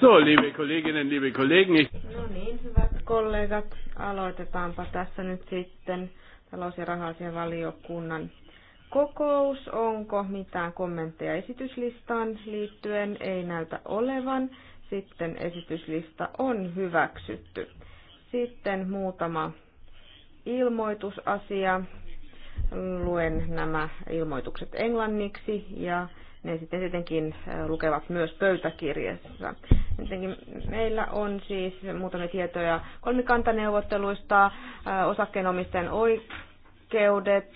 So, liebe Kolleginnen, liebe Kollegen. Ich... No niin, hyvät kollegat, aloitetaanpa tässä nyt sitten talous- ja valiokunnan kokous. Onko mitään kommentteja esityslistaan liittyen? Ei näytä olevan. Sitten esityslista on hyväksytty. Sitten muutama ilmoitusasia. Luen nämä ilmoitukset englanniksi ja ne sitten tietenkin lukevat myös pöytäkirjassa. Jotenkin meillä on siis muutamia tietoja kolmikantaneuvotteluista, osakkeenomisten oikeudet,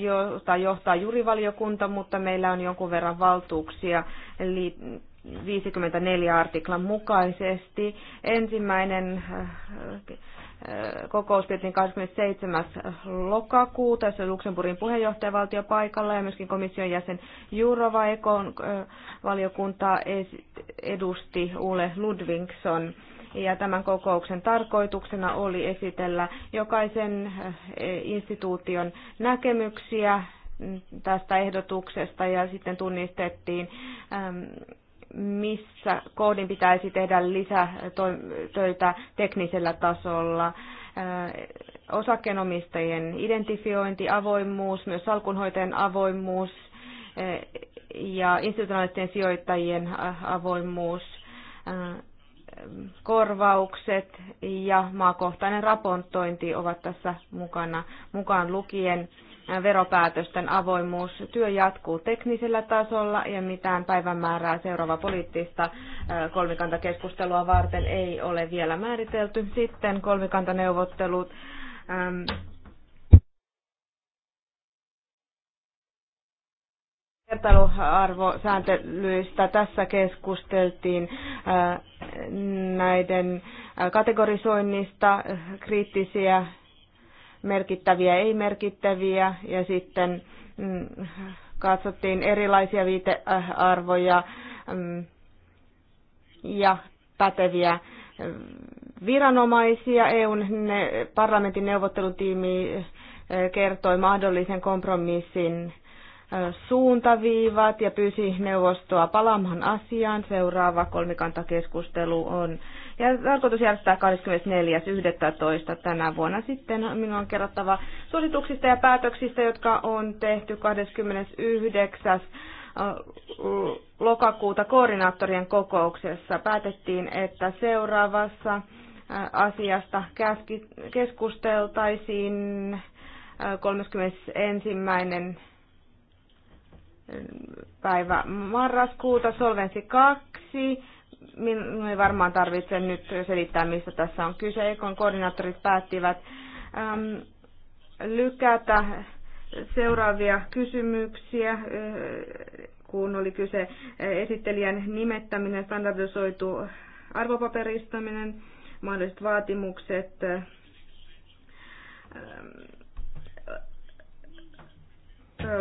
jota johtaa jurivaliokunta, mutta meillä on jonkun verran valtuuksia 54 artiklan mukaisesti. Ensimmäinen kokous pidettiin 27. lokakuuta, jossa Luxemburgin puheenjohtajavaltio paikalla ja myöskin komission jäsen Jurova Ekon valiokuntaa edusti Ule Ludvingson. Ja tämän kokouksen tarkoituksena oli esitellä jokaisen instituution näkemyksiä mm, tästä ehdotuksesta ja sitten tunnistettiin missä koodin pitäisi tehdä lisätöitä teknisellä tasolla. Osakkeenomistajien identifiointi, avoimuus, myös salkunhoitajan avoimuus ja institutionaalisten sijoittajien avoimuus, korvaukset ja maakohtainen raportointi ovat tässä mukana, mukaan lukien veropäätösten avoimuus. Työ jatkuu teknisellä tasolla ja mitään päivämäärää seuraava poliittista kolmikantakeskustelua varten ei ole vielä määritelty. Sitten kolmikantaneuvottelut. vertailuarvosääntelyistä tässä keskusteltiin näiden kategorisoinnista kriittisiä merkittäviä, ei merkittäviä ja sitten mm, katsottiin erilaisia viitearvoja mm, ja päteviä mm, viranomaisia. EUn parlamentin neuvottelutiimi eh, kertoi mahdollisen kompromissin eh, suuntaviivat ja pyysi neuvostoa palaamaan asiaan. Seuraava kolmikantakeskustelu on ja tarkoitus järjestää 24.11. tänä vuonna. Sitten minun on kerrottava suosituksista ja päätöksistä, jotka on tehty 29 lokakuuta koordinaattorien kokouksessa päätettiin, että seuraavassa asiasta keskusteltaisiin 31. päivä marraskuuta Solvensi 2 minun ei varmaan tarvitse nyt selittää, mistä tässä on kyse. Ekon koordinaattorit päättivät äm, lykätä seuraavia kysymyksiä, äh, kun oli kyse äh, esittelijän nimettäminen, standardisoitu arvopaperistaminen, mahdolliset vaatimukset, äh,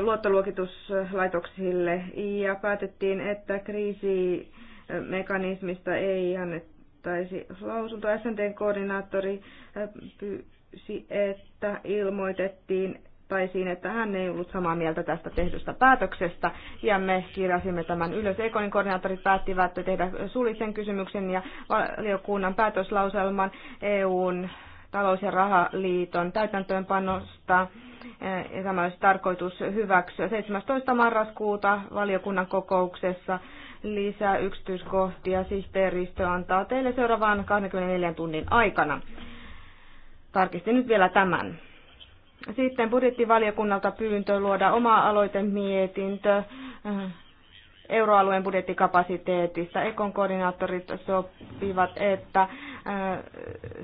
luottoluokituslaitoksille ja päätettiin, että kriisi mekanismista ei annettaisi lausunto. SNTn koordinaattori pyysi, että ilmoitettiin tai siinä, että hän ei ollut samaa mieltä tästä tehdystä päätöksestä, ja me kirjasimme tämän ylös. Ekonin koordinaattorit päättivät tehdä suullisen kysymyksen ja valiokunnan päätöslauselman EUn talous- ja rahaliiton täytäntöönpanosta. Ja tämä olisi tarkoitus hyväksyä 17. marraskuuta valiokunnan kokouksessa lisää yksityiskohtia sihteeristö antaa teille seuraavaan 24 tunnin aikana. Tarkistin nyt vielä tämän. Sitten budjettivaliokunnalta pyyntö luoda oma aloitemietintö äh, euroalueen budjettikapasiteetista. Ekon koordinaattorit sopivat, että äh,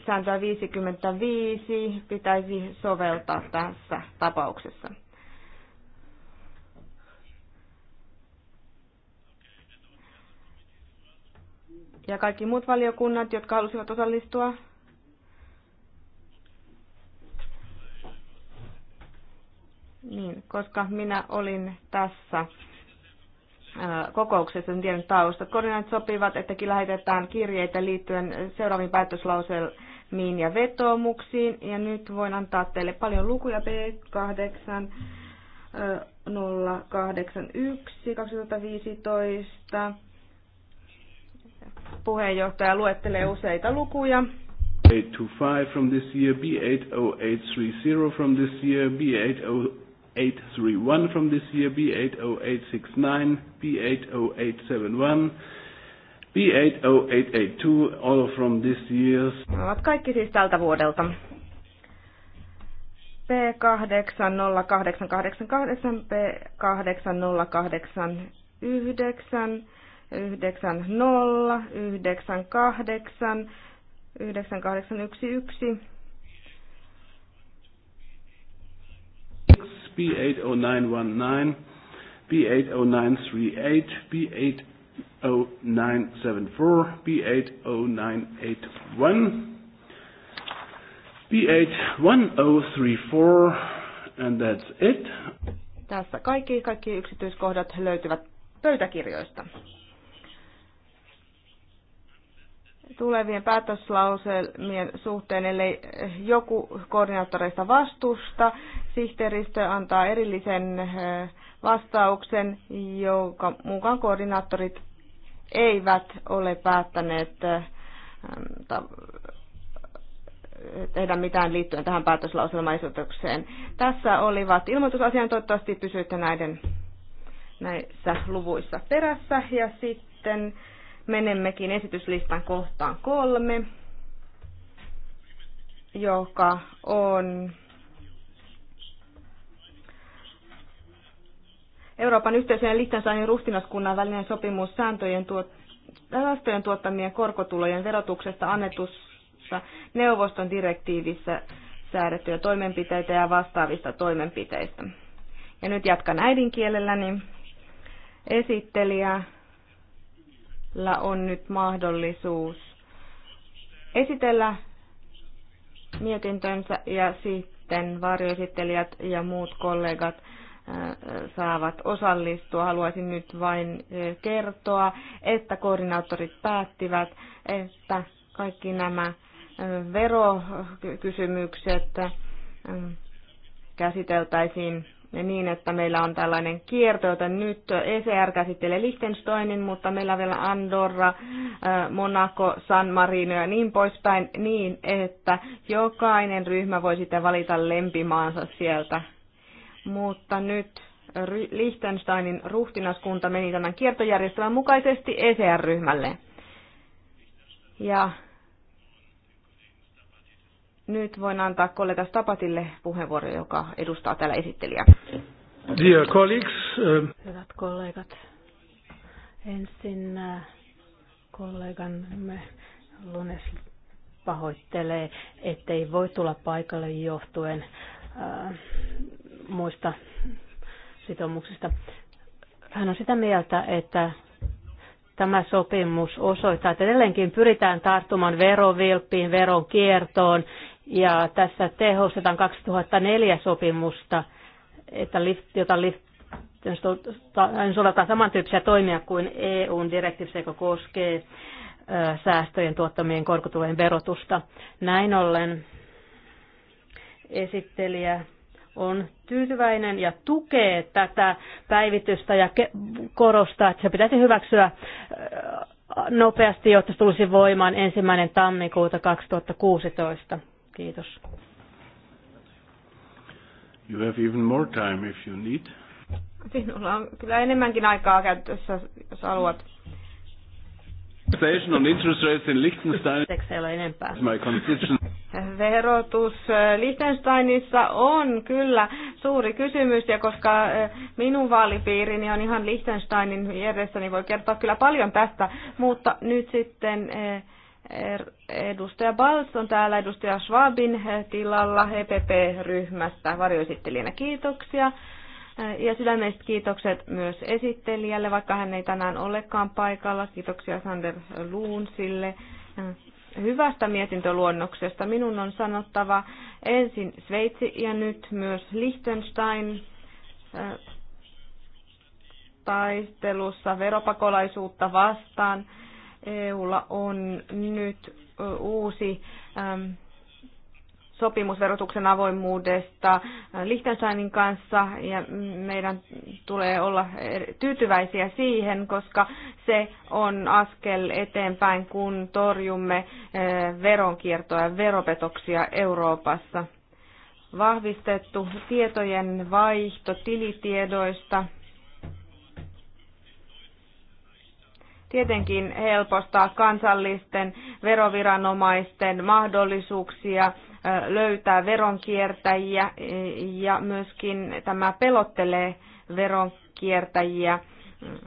sääntöä 55 pitäisi soveltaa tässä tapauksessa. ja kaikki muut valiokunnat, jotka halusivat osallistua. Niin, koska minä olin tässä kokouksessa, en tiennyt taustat. Koordinaat sopivat, että lähetetään kirjeitä liittyen seuraaviin päätöslauselmiin ja vetoomuksiin. Ja nyt voin antaa teille paljon lukuja B8 081 2015 Puheenjohtaja luettelee useita lukuja. 825 from this year, B80830 from this year, B80831 from this year, B80869, B80871, B80882, all from this year. Ne ovat kaikki siis tältä vuodelta. p 80888 P8089, 90, 98, 9811. B80919, B80938, B80974, B80981, B81034, and that's it. Tässä kaikki, kaikki yksityiskohdat löytyvät pöytäkirjoista. tulevien päätöslauselmien suhteen, ellei joku koordinaattoreista vastusta. Sihteeristö antaa erillisen eh, vastauksen, jonka mukaan koordinaattorit eivät ole päättäneet eh, tehdä mitään liittyen tähän päätöslauselmaisuutukseen. Tässä olivat ilmoitusasian, toivottavasti pysyitte näiden näissä luvuissa perässä ja sitten menemmekin esityslistan kohtaan kolme, joka on Euroopan yhteisön ja Liechtensteinin ruhtinaskunnan välinen sopimus sääntöjen tuot, säästöjen tuottamien korkotulojen verotuksesta annetussa neuvoston direktiivissä säädettyjä toimenpiteitä ja vastaavista toimenpiteistä. Ja nyt jatkan äidinkielelläni. Esittelijä on nyt mahdollisuus esitellä mietintönsä ja sitten varjoesittelijät ja muut kollegat äh, saavat osallistua. Haluaisin nyt vain äh, kertoa, että koordinaattorit päättivät, että kaikki nämä äh, verokysymykset käsiteltäisiin niin, että meillä on tällainen kierto, jota nyt ECR käsittelee Liechtensteinin, mutta meillä on vielä Andorra, äh, Monaco, San Marino ja niin poispäin, niin että jokainen ryhmä voi sitten valita lempimaansa sieltä. Mutta nyt Liechtensteinin ruhtinaskunta meni tämän kiertojärjestelmän mukaisesti ECR-ryhmälle. Ja nyt voin antaa kollega Stapatille puheenvuoro, joka edustaa täällä esittelijää. Dear colleagues. Um, Hyvät kollegat, ensin äh, kollegamme Lunes pahoittelee, ettei voi tulla paikalle johtuen uh, muista sitoumuksista. Hän on sitä mieltä, että tämä sopimus osoittaa, että edelleenkin pyritään tarttumaan verovilppiin, veron kiertoon ja tässä tehostetaan 2004 sopimusta, että lift, jota lift, soveltaa samantyyppisiä toimia kuin EUn direktiivissä, joka koskee säästöjen tuottamien korkotulojen verotusta. Näin ollen esittelijä on tyytyväinen ja tukee tätä päivitystä ja korostaa, että se pitäisi hyväksyä nopeasti, jotta se tulisi voimaan ensimmäinen tammikuuta 2016. Kiitos. You have even more time if you need. Sinulla on kyllä enemmänkin aikaa käytössä, jos haluat. Taxation on interest rates in Liechtenstein. ei ole enempää. My constitution. Verotus eh, Liechtensteinissa on kyllä suuri kysymys, ja koska eh, minun vaalipiirini on ihan Liechtensteinin edessä, niin voi kertoa kyllä paljon tästä, mutta nyt sitten eh, Er- edustaja Balts on täällä edustaja Schwabin eh, tilalla EPP-ryhmästä varjoesittelijänä. Kiitoksia. Eh, ja sydämelliset kiitokset myös esittelijälle, vaikka hän ei tänään olekaan paikalla. Kiitoksia Sander Luunsille eh, hyvästä mietintöluonnoksesta. Minun on sanottava ensin Sveitsi ja nyt myös Liechtenstein taistelussa veropakolaisuutta vastaan. EUlla on nyt uusi sopimusverotuksen avoimuudesta Liechtensteinin kanssa ja meidän tulee olla tyytyväisiä siihen, koska se on askel eteenpäin, kun torjumme veronkiertoa ja veropetoksia Euroopassa. Vahvistettu tietojen vaihto tilitiedoista tietenkin helpostaa kansallisten veroviranomaisten mahdollisuuksia löytää veronkiertäjiä e, ja myöskin tämä pelottelee veronkiertäjiä mm,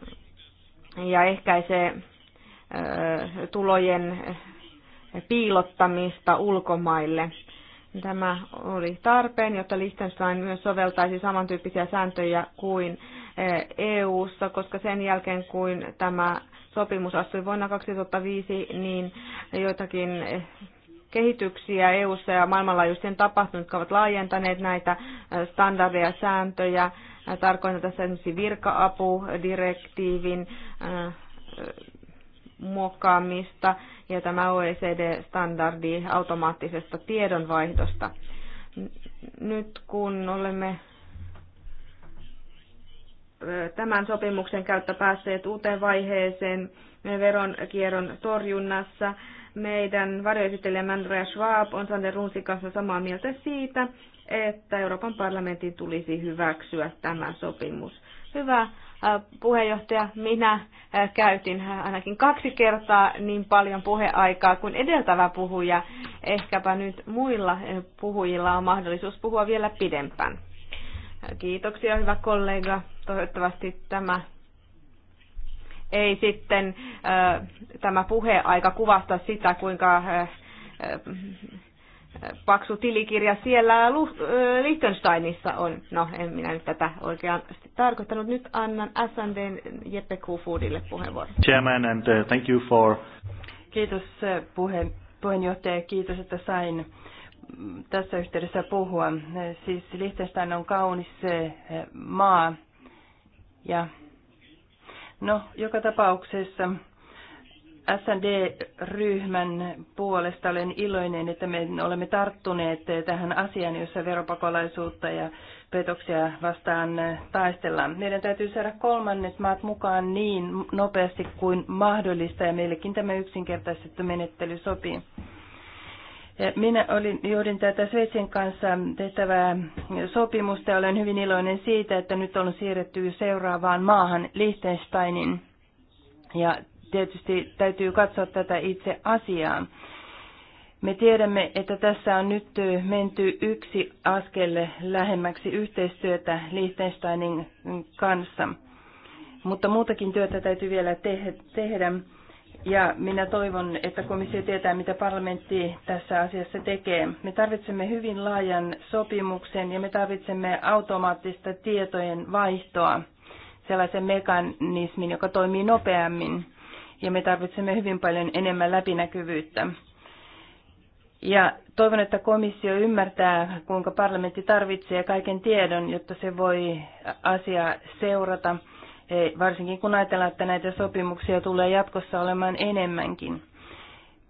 ja ehkäisee tulojen piilottamista ulkomaille. Tämä oli tarpeen, jotta Liechtenstein myös soveltaisi samantyyppisiä sääntöjä kuin EU-ssa, e koska sen jälkeen kun tämä sopimus astui vuonna 2005, niin joitakin kehityksiä EU-ssa ja maailmanlaajuisten tapahtunut, jotka ovat laajentaneet näitä standardeja, sääntöjä. Tarkoitan tässä esimerkiksi virka-apudirektiivin muokkaamista ja tämä OECD-standardi automaattisesta tiedonvaihdosta. Nyt kun olemme tämän sopimuksen kautta päässeet uuteen vaiheeseen veronkierron torjunnassa. Meidän varjoesittelijämme Andrea Schwab on Sander Runsin kanssa samaa mieltä siitä, että Euroopan parlamentin tulisi hyväksyä tämä sopimus. Hyvä puheenjohtaja, minä käytin ainakin kaksi kertaa niin paljon puheaikaa kuin edeltävä puhuja. Ehkäpä nyt muilla puhujilla on mahdollisuus puhua vielä pidempään. Kiitoksia, hyvä kollega. Toivottavasti tämä ei sitten tämä puheaika kuvasta sitä, kuinka paksu tilikirja siellä Liechtensteinissa on. No, en minä nyt tätä oikeasti tarkoittanut. Nyt annan SNDn Jeppe Kufudille puheenvuoron. Chairman, and uh, thank you for... Kiitos puhe, puheenjohtaja, kiitos, että sain tässä yhteydessä puhua. Siis Liechtenstein on kaunis maa ja no, joka tapauksessa SND-ryhmän puolesta olen iloinen, että me olemme tarttuneet tähän asiaan, jossa veropakolaisuutta ja petoksia vastaan taistellaan. Meidän täytyy saada kolmannet maat mukaan niin nopeasti kuin mahdollista ja meillekin tämä yksinkertaistettu menettely sopii. Minä olin, joudin tätä Sveitsin kanssa tehtävää sopimusta ja olen hyvin iloinen siitä, että nyt on siirretty seuraavaan maahan Liechtensteinin. Ja tietysti täytyy katsoa tätä itse asiaa. Me tiedämme, että tässä on nyt menty yksi askel lähemmäksi yhteistyötä Liechtensteinin kanssa. Mutta muutakin työtä täytyy vielä te- tehdä. Ja minä toivon, että komissio tietää, mitä parlamentti tässä asiassa tekee. Me tarvitsemme hyvin laajan sopimuksen ja me tarvitsemme automaattista tietojen vaihtoa, sellaisen mekanismin, joka toimii nopeammin. Ja me tarvitsemme hyvin paljon enemmän läpinäkyvyyttä. Ja toivon, että komissio ymmärtää, kuinka parlamentti tarvitsee kaiken tiedon, jotta se voi asiaa seurata E, varsinkin kun ajatellaan, että näitä sopimuksia tulee jatkossa olemaan enemmänkin.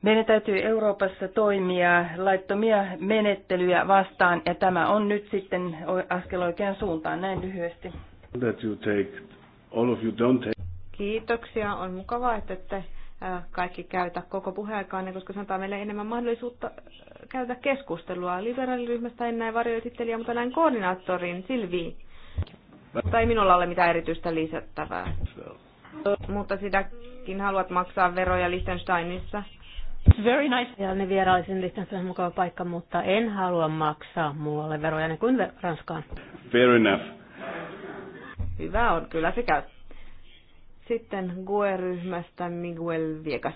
Meidän täytyy Euroopassa toimia laittomia menettelyjä vastaan, ja tämä on nyt sitten askel oikeaan suuntaan, näin lyhyesti. Kiitoksia, on mukavaa, että te kaikki käytä koko puheaikaanne, koska se antaa meille enemmän mahdollisuutta käydä keskustelua. Liberaaliryhmästä en näe varjoesittelijää, mutta näin koordinaattorin Silvi. Mutta ei minulla ole mitään erityistä lisättävää. Mutta sitäkin haluat maksaa veroja Liechtensteinissa. It's very nice. Ja ne vierailisin Liechtenstein mukava paikka, mutta en halua maksaa muualle veroja niin kuin Ranskaan. Fair enough. Hyvä on, kyllä se käy. Sitten GUE-ryhmästä Miguel Viegas.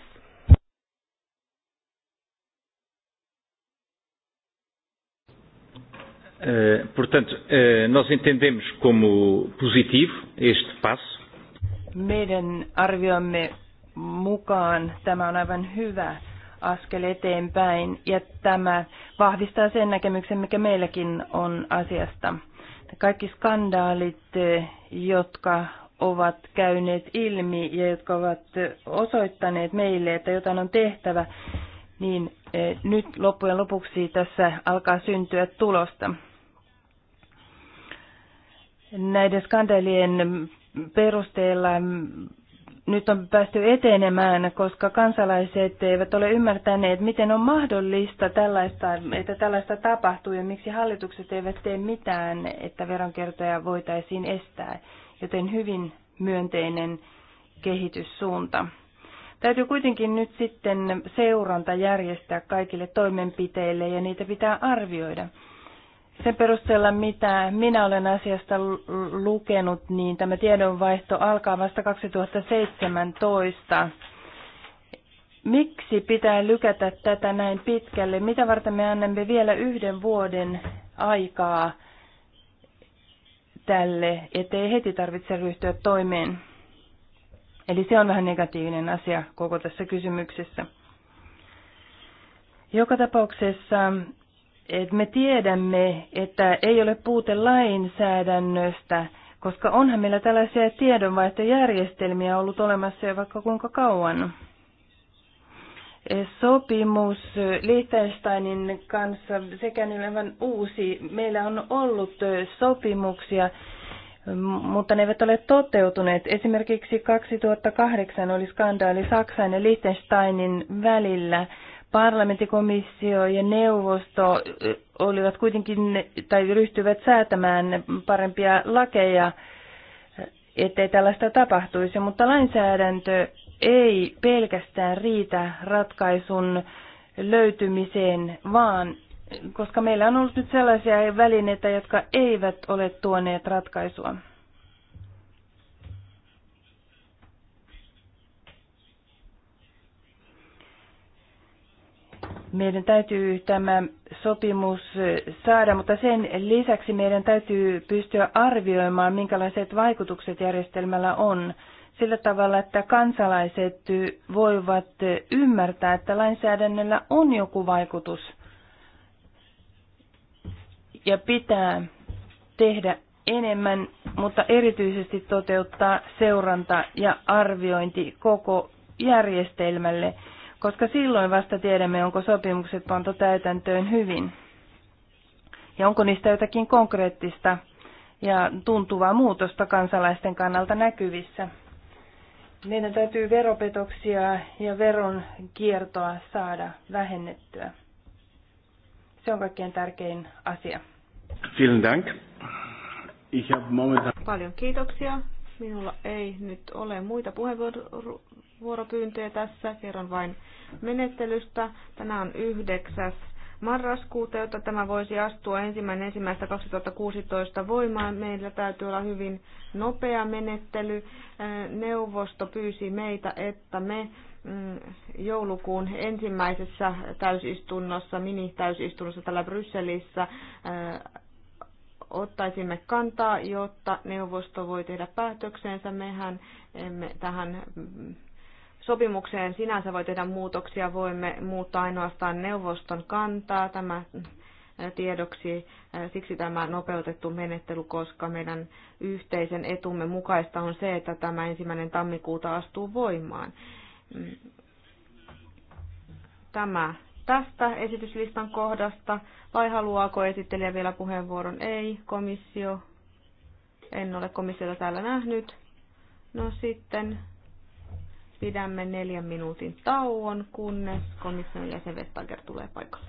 Eh, portanto, eh, nós entendemos como positivo este passo. Meidän arviomme mukaan tämä on aivan hyvä askel eteenpäin ja tämä vahvistaa sen näkemyksen, mikä meilläkin on asiasta. Kaikki skandaalit, eh, jotka ovat käyneet ilmi ja jotka ovat osoittaneet meille, että jotain on tehtävä, niin nyt loppujen lopuksi tässä alkaa syntyä tulosta. Näiden skandaalien perusteella nyt on päästy etenemään, koska kansalaiset eivät ole ymmärtäneet, miten on mahdollista, tällaista, että tällaista tapahtuu ja miksi hallitukset eivät tee mitään, että veronkertoja voitaisiin estää. Joten hyvin myönteinen kehityssuunta. Täytyy kuitenkin nyt sitten seuranta järjestää kaikille toimenpiteille ja niitä pitää arvioida sen perusteella, mitä minä olen asiasta lukenut, niin tämä tiedonvaihto alkaa vasta 2017. Miksi pitää lykätä tätä näin pitkälle? Mitä varten me annamme vielä yhden vuoden aikaa tälle, ettei heti tarvitse ryhtyä toimeen? Eli se on vähän negatiivinen asia koko tässä kysymyksessä. Joka tapauksessa että me tiedämme, että ei ole puute lainsäädännöstä, koska onhan meillä tällaisia tiedonvaihtojärjestelmiä ollut olemassa jo vaikka kuinka kauan. Sopimus Liechtensteinin kanssa sekä aivan uusi. Meillä on ollut sopimuksia, mutta ne eivät ole toteutuneet. Esimerkiksi 2008 oli skandaali Saksan ja Liechtensteinin välillä komissio ja neuvosto olivat kuitenkin tai ryhtyivät säätämään parempia lakeja, ettei tällaista tapahtuisi, mutta lainsäädäntö ei pelkästään riitä ratkaisun löytymiseen, vaan koska meillä on ollut nyt sellaisia välineitä, jotka eivät ole tuoneet ratkaisua. Meidän täytyy tämä sopimus saada, mutta sen lisäksi meidän täytyy pystyä arvioimaan, minkälaiset vaikutukset järjestelmällä on sillä tavalla, että kansalaiset voivat ymmärtää, että lainsäädännöllä on joku vaikutus ja pitää tehdä enemmän, mutta erityisesti toteuttaa seuranta ja arviointi koko järjestelmälle koska silloin vasta tiedämme, onko sopimukset pantu täytäntöön hyvin ja onko niistä jotakin konkreettista ja tuntuvaa muutosta kansalaisten kannalta näkyvissä. Meidän täytyy veropetoksia ja veron kiertoa saada vähennettyä. Se on kaikkein tärkein asia. Vielen Dank. Ich momentan... Paljon kiitoksia. Minulla ei nyt ole muita puheenvuoroja vuoropyyntöjä tässä. Kerron vain menettelystä. Tänään on 9. marraskuuta, jotta tämä voisi astua ensimmäinen ensimmäistä 2016 voimaan. Meillä täytyy olla hyvin nopea menettely. Neuvosto pyysi meitä, että me mm, joulukuun ensimmäisessä täysistunnossa, mini-täysistunnossa täällä Brysselissä ottaisimme kantaa, jotta neuvosto voi tehdä päätöksensä. Mehän emme tähän mm, sopimukseen sinänsä voi tehdä muutoksia. Voimme muuttaa ainoastaan neuvoston kantaa tämä tiedoksi. Siksi tämä nopeutettu menettely, koska meidän yhteisen etumme mukaista on se, että tämä ensimmäinen tammikuuta astuu voimaan. Mm. Tämä tästä esityslistan kohdasta. Vai haluaako esittelijä vielä puheenvuoron? Ei, komissio. En ole komissiota täällä nähnyt. No sitten pidämme neljän minuutin tauon, kunnes komission jäsen Vestager tulee paikalle.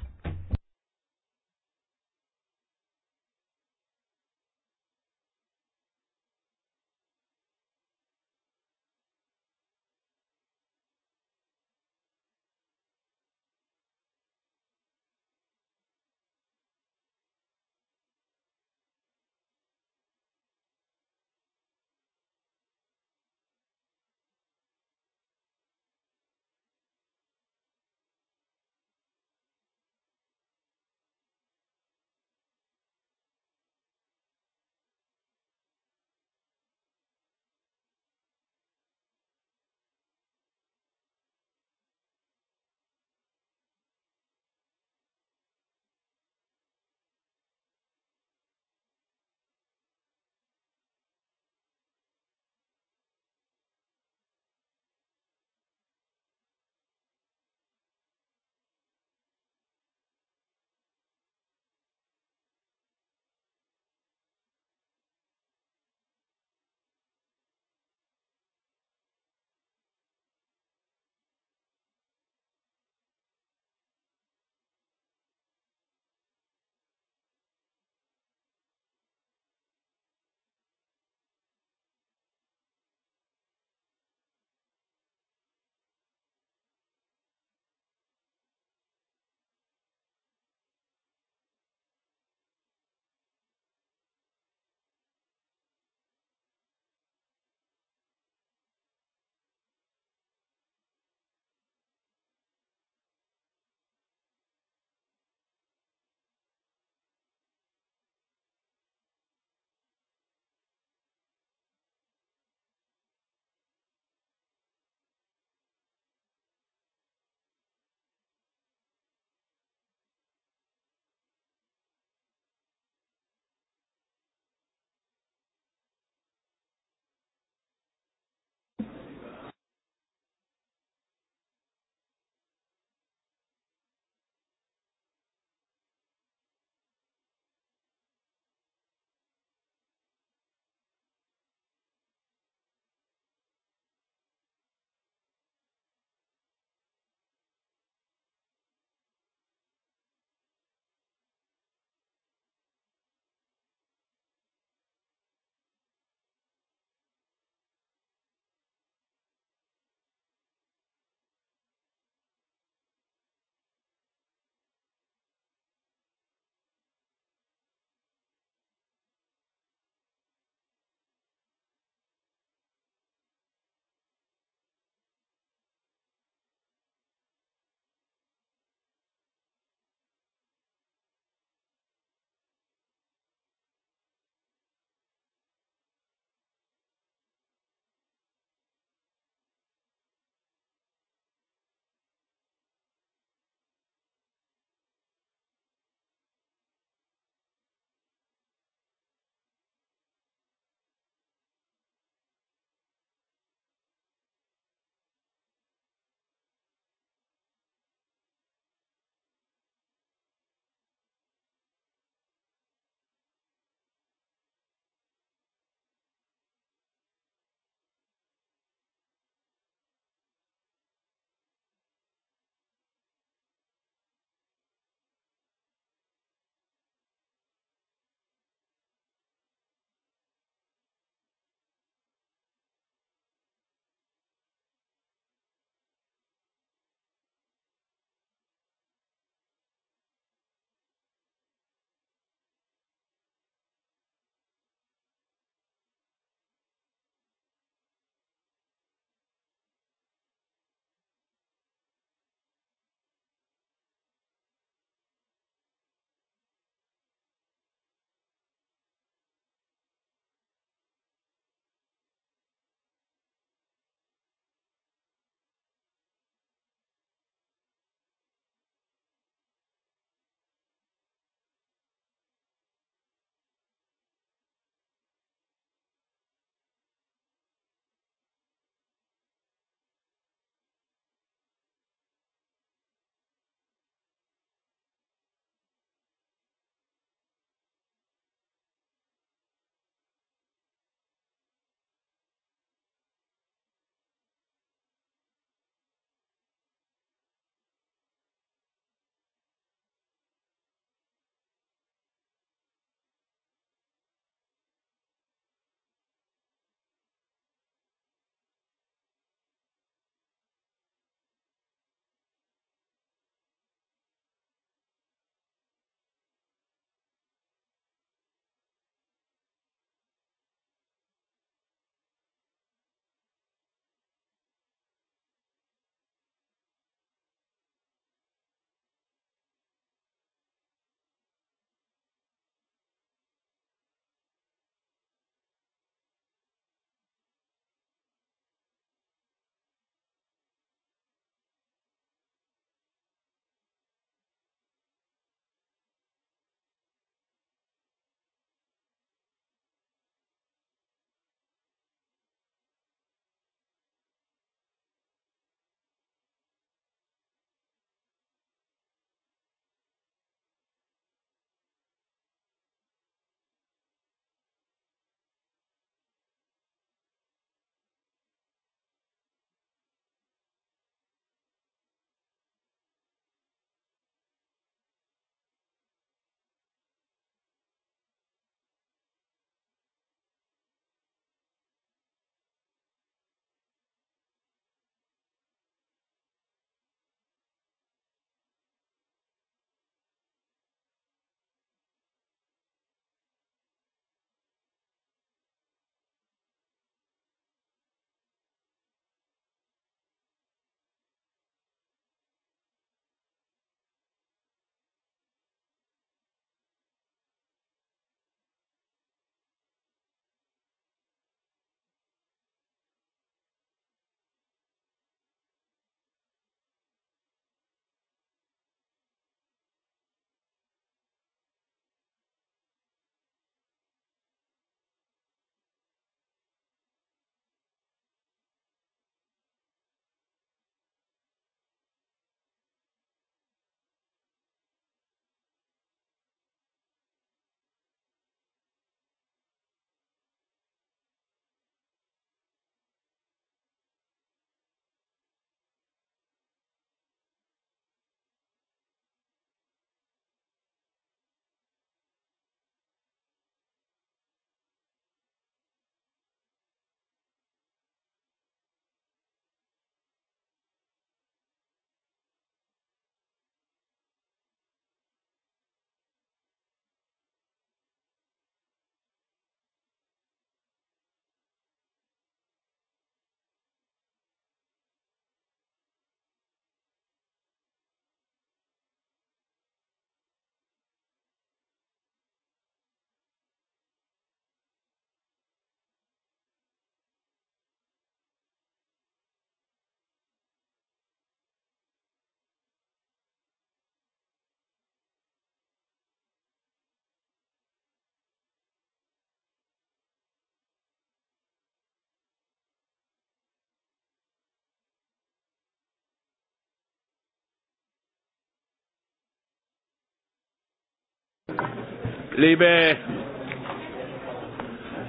liebe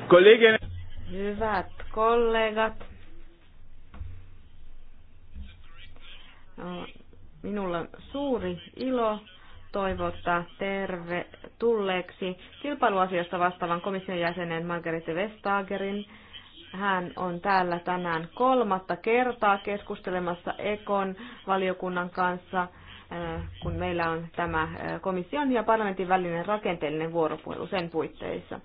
Kolleginnen. Hyvät kollegat. No, minulla on suuri ilo toivottaa terve tulleeksi kilpailuasiasta vastaavan komission jäsenen Margarete Vestagerin. Hän on täällä tänään kolmatta kertaa keskustelemassa Ekon valiokunnan kanssa – kun meillä on tämä komission ja parlamentin välinen rakenteellinen vuoropuhelu sen puitteissa.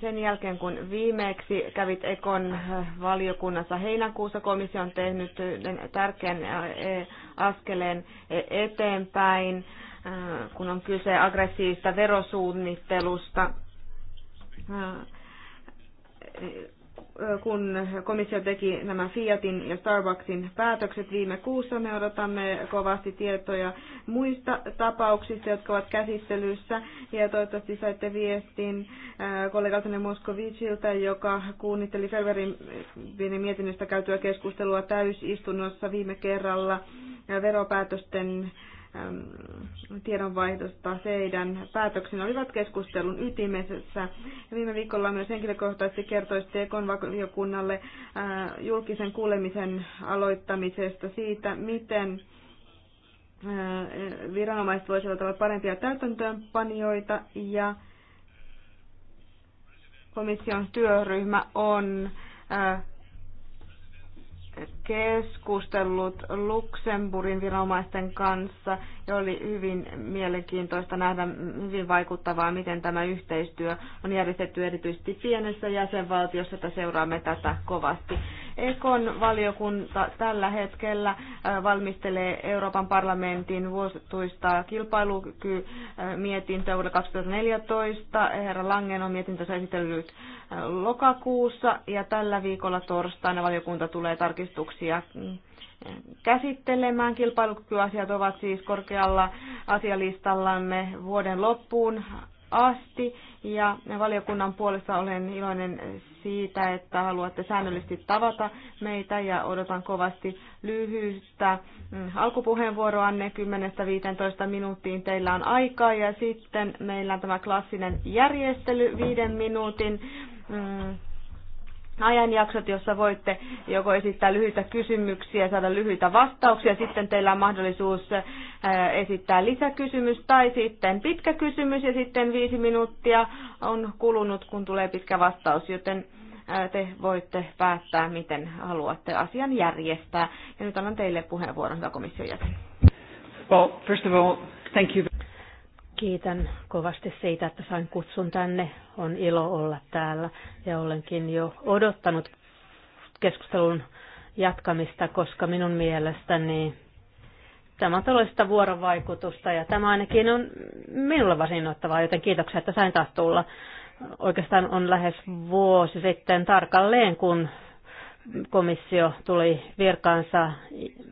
Sen jälkeen, kun viimeksi kävit Ekon valiokunnassa heinäkuussa, komissio on tehnyt tärkeän e, askeleen e, eteenpäin, kun on kyse aggressiivista verosuunnittelusta kun komissio teki nämä Fiatin ja Starbucksin päätökset viime kuussa, me odotamme kovasti tietoja muista tapauksista, jotka ovat käsittelyssä. Ja toivottavasti saitte viestin äh, kollegaltanne Moskovicilta, joka kuunnitteli Felverin mietinnöstä käytyä keskustelua täysistunnossa viime kerralla veropäätösten tiedonvaihdosta seidän päätöksen olivat keskustelun ytimessä. Viime viikolla myös henkilökohtaisesti kertoi Tekon valiokunnalle julkisen kuulemisen aloittamisesta siitä, miten viranomaiset voisivat olla parempia täytäntöönpanijoita ja komission työryhmä on keskustellut Luxemburgin viranomaisten kanssa ja oli hyvin mielenkiintoista nähdä hyvin vaikuttavaa, miten tämä yhteistyö on järjestetty erityisesti pienessä jäsenvaltiossa, että seuraamme tätä kovasti. Ekon valiokunta tällä hetkellä äh, valmistelee Euroopan parlamentin vuosituista kilpailukykymietintöä vuodelle 2014. Herra Langen on mietintönsä esitellyt äh, lokakuussa ja tällä viikolla torstaina valiokunta tulee tarkistuksia mm, käsittelemään. Kilpailukykyasiat ovat siis korkealla asialistallamme vuoden loppuun asti ja valiokunnan puolesta olen iloinen siitä, että haluatte säännöllisesti tavata meitä ja odotan kovasti lyhyistä mm, alkupuheenvuoroanne 10-15 minuuttiin teillä on aikaa ja sitten meillä on tämä klassinen järjestely viiden minuutin mm, ajanjaksot, jossa voitte joko esittää lyhyitä kysymyksiä, saada lyhyitä vastauksia, sitten teillä on mahdollisuus äh, esittää lisäkysymys tai sitten pitkä kysymys ja sitten viisi minuuttia on kulunut, kun tulee pitkä vastaus, joten äh, te voitte päättää, miten haluatte asian järjestää. Ja nyt annan teille puheenvuoron, hyvä komission jäsen. Well, first of all, thank you. Kiitän kovasti siitä, että sain kutsun tänne. On ilo olla täällä ja olenkin jo odottanut keskustelun jatkamista, koska minun mielestäni tämä on vuorovaikutusta ja tämä ainakin on minulle varsin joten kiitoksia, että sain taas tulla. Oikeastaan on lähes vuosi sitten tarkalleen, kun komissio tuli virkaansa,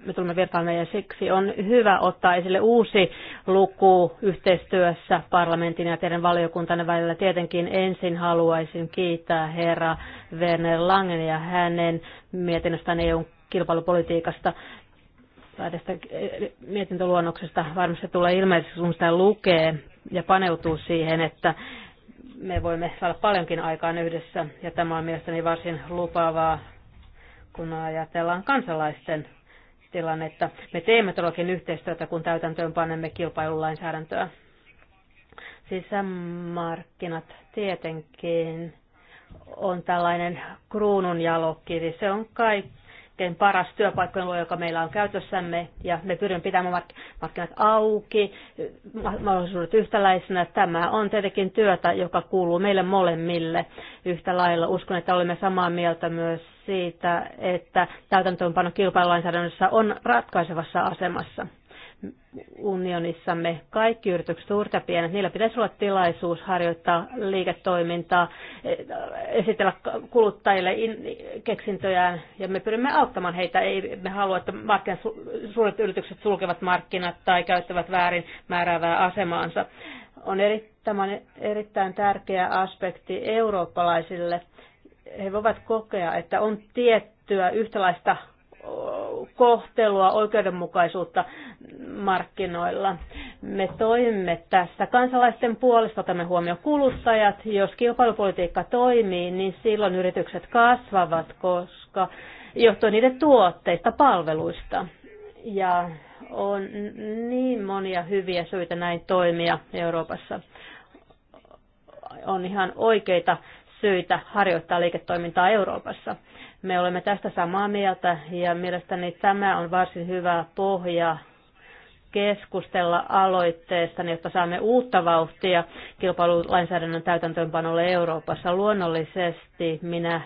me tulemme virkaamme ja siksi on hyvä ottaa esille uusi luku yhteistyössä parlamentin ja teidän valiokuntanne välillä. Tietenkin ensin haluaisin kiittää herra Werner Langen ja hänen mietinnöstään EUn kilpailupolitiikasta tai tästä mietintöluonnoksesta varmasti tulee ilmeisesti, kun sitä lukee ja paneutuu siihen, että me voimme saada paljonkin aikaan yhdessä, ja tämä on mielestäni varsin lupaavaa kun ajatellaan kansalaisten tilannetta. Me teemme todellakin yhteistyötä, kun täytäntöön panemme kilpailulainsäädäntöä. Sisämarkkinat tietenkin on tällainen kruunun jalokivi. Se on kaikkein paras työpaikkojen luo, joka meillä on käytössämme, ja me pyrimme pitämään markkinat auki, mahdollisuudet yhtäläisenä. Tämä on tietenkin työtä, joka kuuluu meille molemmille yhtä lailla. Uskon, että olemme samaa mieltä myös siitä, että täytäntöönpano kilpailulainsäädännössä on ratkaisevassa asemassa unionissamme. Kaikki yritykset, suurta ja pienet, niillä pitäisi olla tilaisuus harjoittaa liiketoimintaa, esitellä kuluttajille keksintöjään ja me pyrimme auttamaan heitä. Ei me halua, että markkinat, suuret yritykset sulkevat markkinat tai käyttävät väärin määräävää asemaansa. On eri, tämä on erittäin tärkeä aspekti eurooppalaisille he voivat kokea, että on tiettyä yhtälaista kohtelua, oikeudenmukaisuutta markkinoilla. Me toimimme tässä kansalaisten puolesta, otamme huomioon kuluttajat. Jos kilpailupolitiikka toimii, niin silloin yritykset kasvavat, koska johtuu niiden tuotteista, palveluista. Ja on niin monia hyviä syitä näin toimia Euroopassa. On ihan oikeita syitä harjoittaa liiketoimintaa Euroopassa. Me olemme tästä samaa mieltä ja mielestäni tämä on varsin hyvä pohja keskustella aloitteesta, jotta saamme uutta vauhtia kilpailulainsäädännön täytäntöönpanolle Euroopassa. Luonnollisesti minä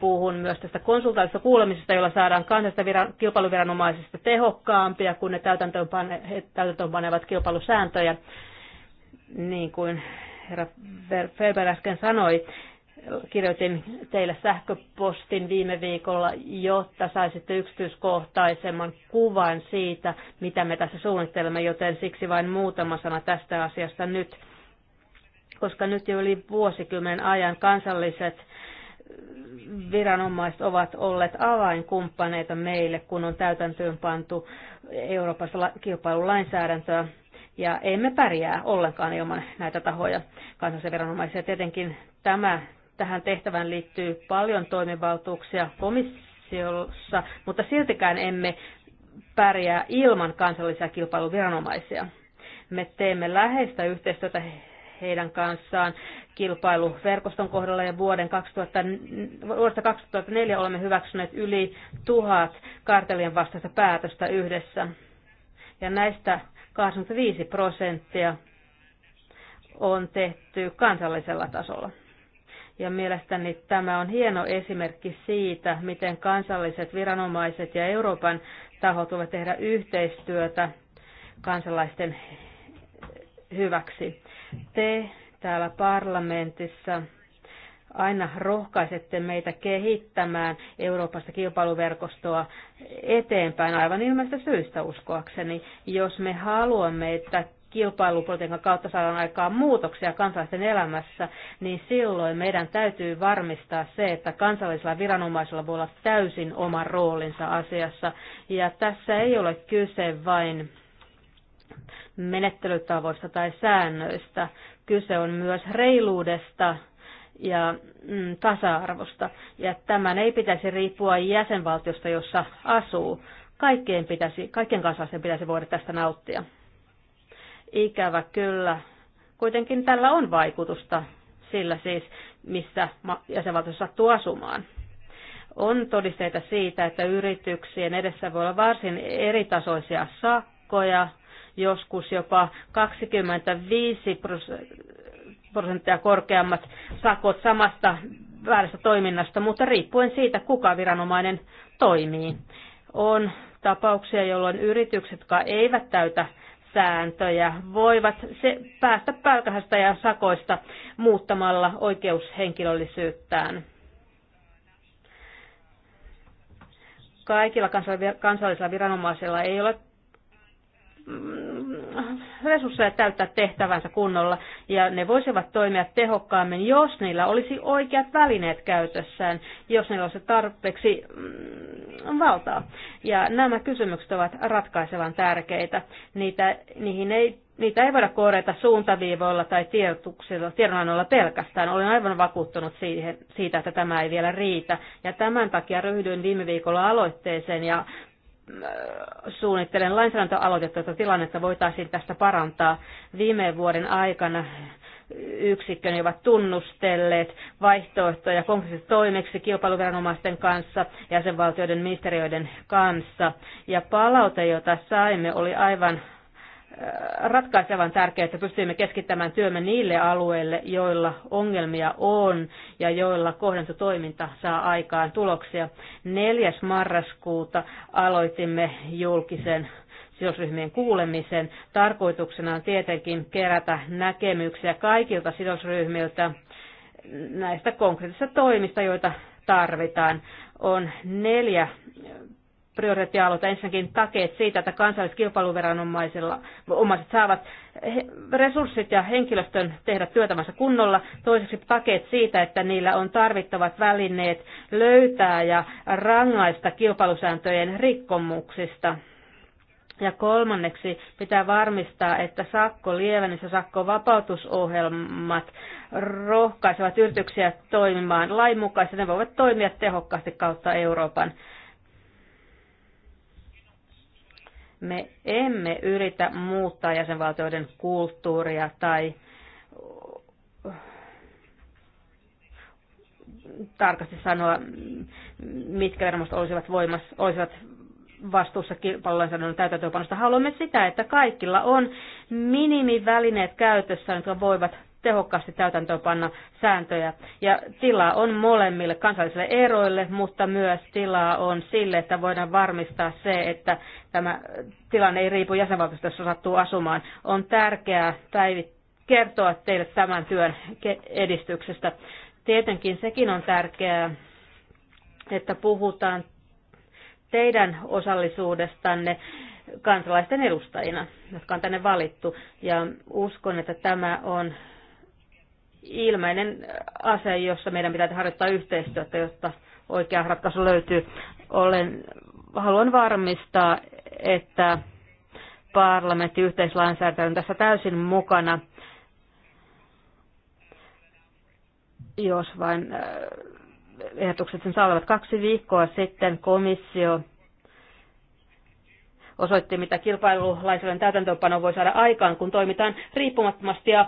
puhun myös tästä konsultaalisesta kuulemisesta, jolla saadaan kansallista viran, kilpailuviranomaisista tehokkaampia, kun ne täytäntöönpanevat kilpailusääntöjä, niin kuin herra Ferber äsken sanoi. Kirjoitin teille sähköpostin viime viikolla, jotta saisitte yksityiskohtaisemman kuvan siitä, mitä me tässä suunnittelemme, joten siksi vain muutama sana tästä asiasta nyt. Koska nyt jo yli vuosikymmen ajan kansalliset viranomaiset ovat olleet avainkumppaneita meille, kun on täytäntöön pantu Euroopassa kilpailulainsäädäntöä ja emme pärjää ollenkaan ilman näitä tahoja kansallisen viranomaisia. Tietenkin tämä, tähän tehtävään liittyy paljon toimivaltuuksia komissiossa, mutta siltikään emme pärjää ilman kansallisia kilpailuviranomaisia. Me teemme läheistä yhteistyötä heidän kanssaan kilpailuverkoston kohdalla ja vuoden 2000, vuodesta 2004 olemme hyväksyneet yli tuhat kartelien vastaista päätöstä yhdessä. Ja näistä 85 prosenttia on tehty kansallisella tasolla. Ja mielestäni tämä on hieno esimerkki siitä, miten kansalliset viranomaiset ja Euroopan tahot voivat tehdä yhteistyötä kansalaisten hyväksi. Te täällä parlamentissa aina rohkaisette meitä kehittämään Euroopasta kilpailuverkostoa eteenpäin aivan ilmeistä syystä uskoakseni. Jos me haluamme, että kilpailupolitiikan kautta saadaan aikaan muutoksia kansalaisten elämässä, niin silloin meidän täytyy varmistaa se, että kansallisella viranomaisella voi olla täysin oma roolinsa asiassa. Ja tässä ei ole kyse vain menettelytavoista tai säännöistä. Kyse on myös reiluudesta ja mm, tasa-arvosta. Ja tämän ei pitäisi riippua jäsenvaltiosta, jossa asuu. Kaikkien, pitäisi, kaikkien kansalaisten pitäisi voida tästä nauttia. Ikävä kyllä. Kuitenkin tällä on vaikutusta sillä siis, missä jäsenvaltiossa sattuu asumaan. On todisteita siitä, että yrityksien edessä voi olla varsin eritasoisia sakkoja, joskus jopa 25 prosenttia korkeammat sakot samasta väärästä toiminnasta, mutta riippuen siitä, kuka viranomainen toimii. On tapauksia, jolloin yritykset, jotka eivät täytä sääntöjä, voivat se, päästä pälkähästä ja sakoista muuttamalla oikeushenkilöllisyyttään. Kaikilla kansallisilla viranomaisilla ei ole Mm, resursseja täyttää tehtävänsä kunnolla ja ne voisivat toimia tehokkaammin, jos niillä olisi oikeat välineet käytössään, jos niillä olisi tarpeeksi mm, valtaa. Ja nämä kysymykset ovat ratkaisevan tärkeitä. Niitä, niihin ei Niitä ei voida korjata suuntaviivoilla tai tiedonannolla pelkästään. Olen aivan vakuuttunut siihen, siitä, että tämä ei vielä riitä. Ja tämän takia ryhdyin viime viikolla aloitteeseen ja suunnittelen lainsäädäntöaloitetta, että tilannetta voitaisiin tästä parantaa. Viime vuoden aikana yksikköni ovat tunnustelleet vaihtoehtoja konkreettisesti toimeksi kilpailuviranomaisten kanssa ja sen valtioiden ministeriöiden kanssa. Ja palaute, jota saimme, oli aivan ratkaisevan tärkeää, että pystymme keskittämään työmme niille alueille, joilla ongelmia on ja joilla kohdentotoiminta saa aikaan tuloksia. 4. marraskuuta aloitimme julkisen sidosryhmien kuulemisen. Tarkoituksena on tietenkin kerätä näkemyksiä kaikilta sidosryhmiltä näistä konkreettisista toimista, joita tarvitaan. On neljä prioriteettialueita. Ensinnäkin takeet siitä, että omaiset saavat resurssit ja henkilöstön tehdä työtämänsä kunnolla. Toiseksi takeet siitä, että niillä on tarvittavat välineet löytää ja rangaista kilpailusääntöjen rikkomuksista. Ja kolmanneksi pitää varmistaa, että sakko lievennys ja sakko vapautusohjelmat rohkaisevat yrityksiä toimimaan lainmukaisesti. Ne voivat toimia tehokkaasti kautta Euroopan. Me emme yritä muuttaa jäsenvaltioiden kulttuuria tai äh, tarkasti sanoa, mitkä viranomaiset olisivat, voimassa, olisivat vastuussa kilpailulainsäädännön täytäntöönpanosta. Haluamme sitä, että kaikilla on minimivälineet käytössä, jotka voivat tehokkaasti täytäntöönpanna sääntöjä. Ja tilaa on molemmille kansallisille eroille, mutta myös tilaa on sille, että voidaan varmistaa se, että tämä tilanne ei riipu jäsenvaltiosta, jos sattuu asumaan. On tärkeää päivittää kertoa teille tämän työn edistyksestä. Tietenkin sekin on tärkeää, että puhutaan teidän osallisuudestanne kansalaisten edustajina, jotka on tänne valittu. Ja uskon, että tämä on ilmeinen ase, jossa meidän pitää harjoittaa yhteistyötä, jotta oikea ratkaisu löytyy. Olen, haluan varmistaa, että parlamentti yhteislainsäädäntö on tässä täysin mukana, jos vain äh, ehdotukset sen saavat. Kaksi viikkoa sitten komissio osoitti, mitä kilpailulaisuuden täytäntöönpano voi saada aikaan, kun toimitaan riippumattomasti ja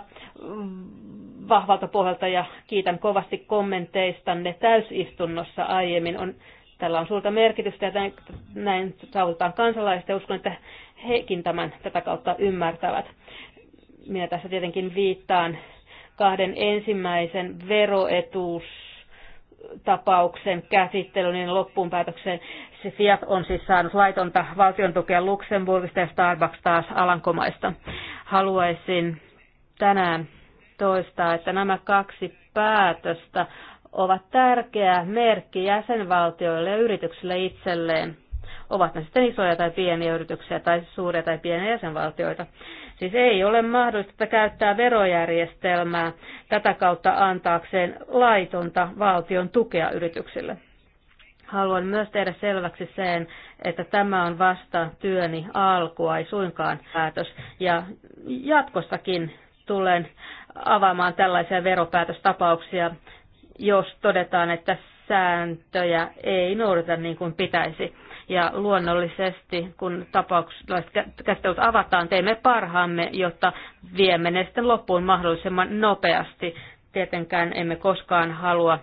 vahvalta pohjalta ja kiitän kovasti kommenteistanne täysistunnossa aiemmin. On, tällä on suurta merkitystä ja näin, saavutaan saavutetaan kansalaiset ja uskon, että hekin tämän tätä kautta ymmärtävät. Minä tässä tietenkin viittaan kahden ensimmäisen veroetuus tapauksen käsittely, niin loppuun päätökseen se Fiat on siis saanut laitonta valtion tukea Luxemburgista ja Starbucks taas Alankomaista. Haluaisin tänään toistaa, että nämä kaksi päätöstä ovat tärkeä merkki jäsenvaltioille ja yrityksille itselleen, ovat ne sitten isoja tai pieniä yrityksiä tai suuria tai pieniä jäsenvaltioita. Siis ei ole mahdollista käyttää verojärjestelmää tätä kautta antaakseen laitonta valtion tukea yrityksille. Haluan myös tehdä selväksi sen, että tämä on vasta työni alkua, ei suinkaan päätös. Ja jatkossakin tulen avaamaan tällaisia veropäätöstapauksia, jos todetaan, että sääntöjä ei noudata niin kuin pitäisi. Ja luonnollisesti, kun tapaukset käsittelyt avataan, teemme parhaamme, jotta viemme ne sitten loppuun mahdollisimman nopeasti. Tietenkään emme koskaan halua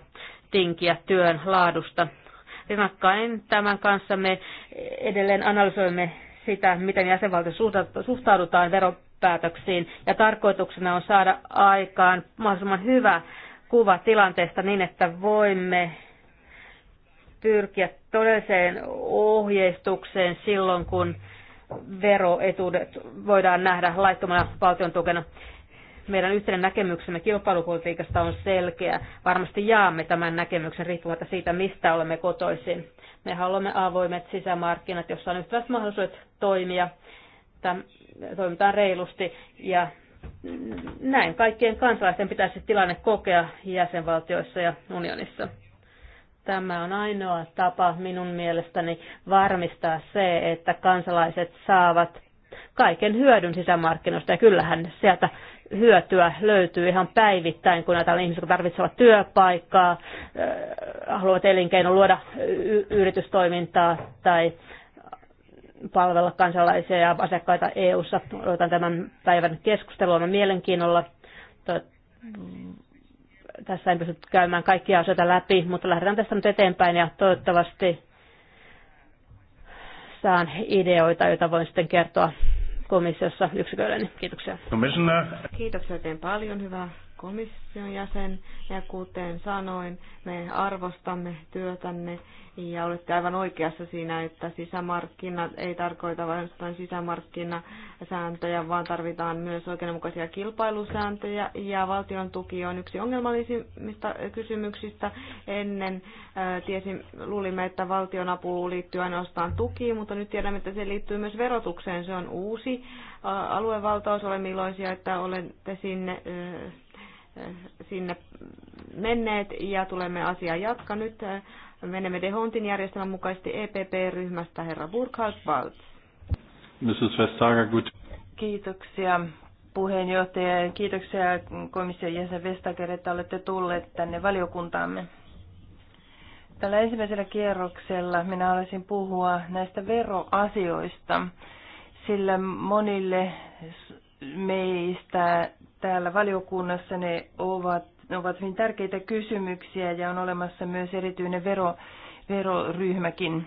tinkiä työn laadusta. Rinnakkain tämän kanssa me edelleen analysoimme sitä, miten jäsenvaltio suhtaudutaan vero päätöksiin. Ja tarkoituksena on saada aikaan mahdollisimman hyvä kuva tilanteesta niin, että voimme pyrkiä todelliseen ohjeistukseen silloin, kun veroetuudet voidaan nähdä laittomana valtion tukena. Meidän yhteinen näkemyksemme kilpailupolitiikasta on selkeä. Varmasti jaamme tämän näkemyksen riippumatta siitä, mistä olemme kotoisin. Me haluamme avoimet sisämarkkinat, jossa on yhtäläiset mahdollisuudet toimia toimitaan reilusti ja näin kaikkien kansalaisten pitäisi siis tilanne kokea jäsenvaltioissa ja unionissa. Tämä on ainoa tapa minun mielestäni varmistaa se, että kansalaiset saavat kaiken hyödyn sisämarkkinoista. Ja kyllähän sieltä hyötyä löytyy ihan päivittäin, kun näitä on ihmisiä, tarvitsevat työpaikkaa, äh, haluavat elinkeino luoda yritystoimintaa tai palvella kansalaisia ja asiakkaita EU-ssa. Odotan tämän päivän keskustelua mielenkiinnolla. Tässä en pysty käymään kaikkia asioita läpi, mutta lähdetään tästä nyt eteenpäin ja toivottavasti saan ideoita, joita voin sitten kertoa komissiossa yksiköilleni. Kiitoksia. No, Kiitoksia teen paljon. Hyvää komission jäsen ja kuten sanoin, me arvostamme työtänne ja olette aivan oikeassa siinä, että sisämarkkinat ei tarkoita vain sisämarkkinasääntöjä, vaan tarvitaan myös oikeudenmukaisia kilpailusääntöjä ja valtion tuki on yksi ongelmallisimmista kysymyksistä. Ennen äh, tiesin, luulimme, että valtion apu liittyy ainoastaan tukiin, mutta nyt tiedämme, että se liittyy myös verotukseen. Se on uusi äh, aluevaltaus. Olemme iloisia, että olette sinne äh, sinne menneet ja tulemme asiaa jatka. Nyt äh, menemme Hontin järjestelmän mukaisesti EPP-ryhmästä herra Burkhard Balz. Mrs. Vestager, good. Kiitoksia puheenjohtaja ja kiitoksia komission jäsen Vestager, että olette tulleet tänne valiokuntaamme. Tällä ensimmäisellä kierroksella minä haluaisin puhua näistä veroasioista, sillä monille meistä täällä valiokunnassa ne ovat, ne ovat hyvin tärkeitä kysymyksiä ja on olemassa myös erityinen vero, veroryhmäkin.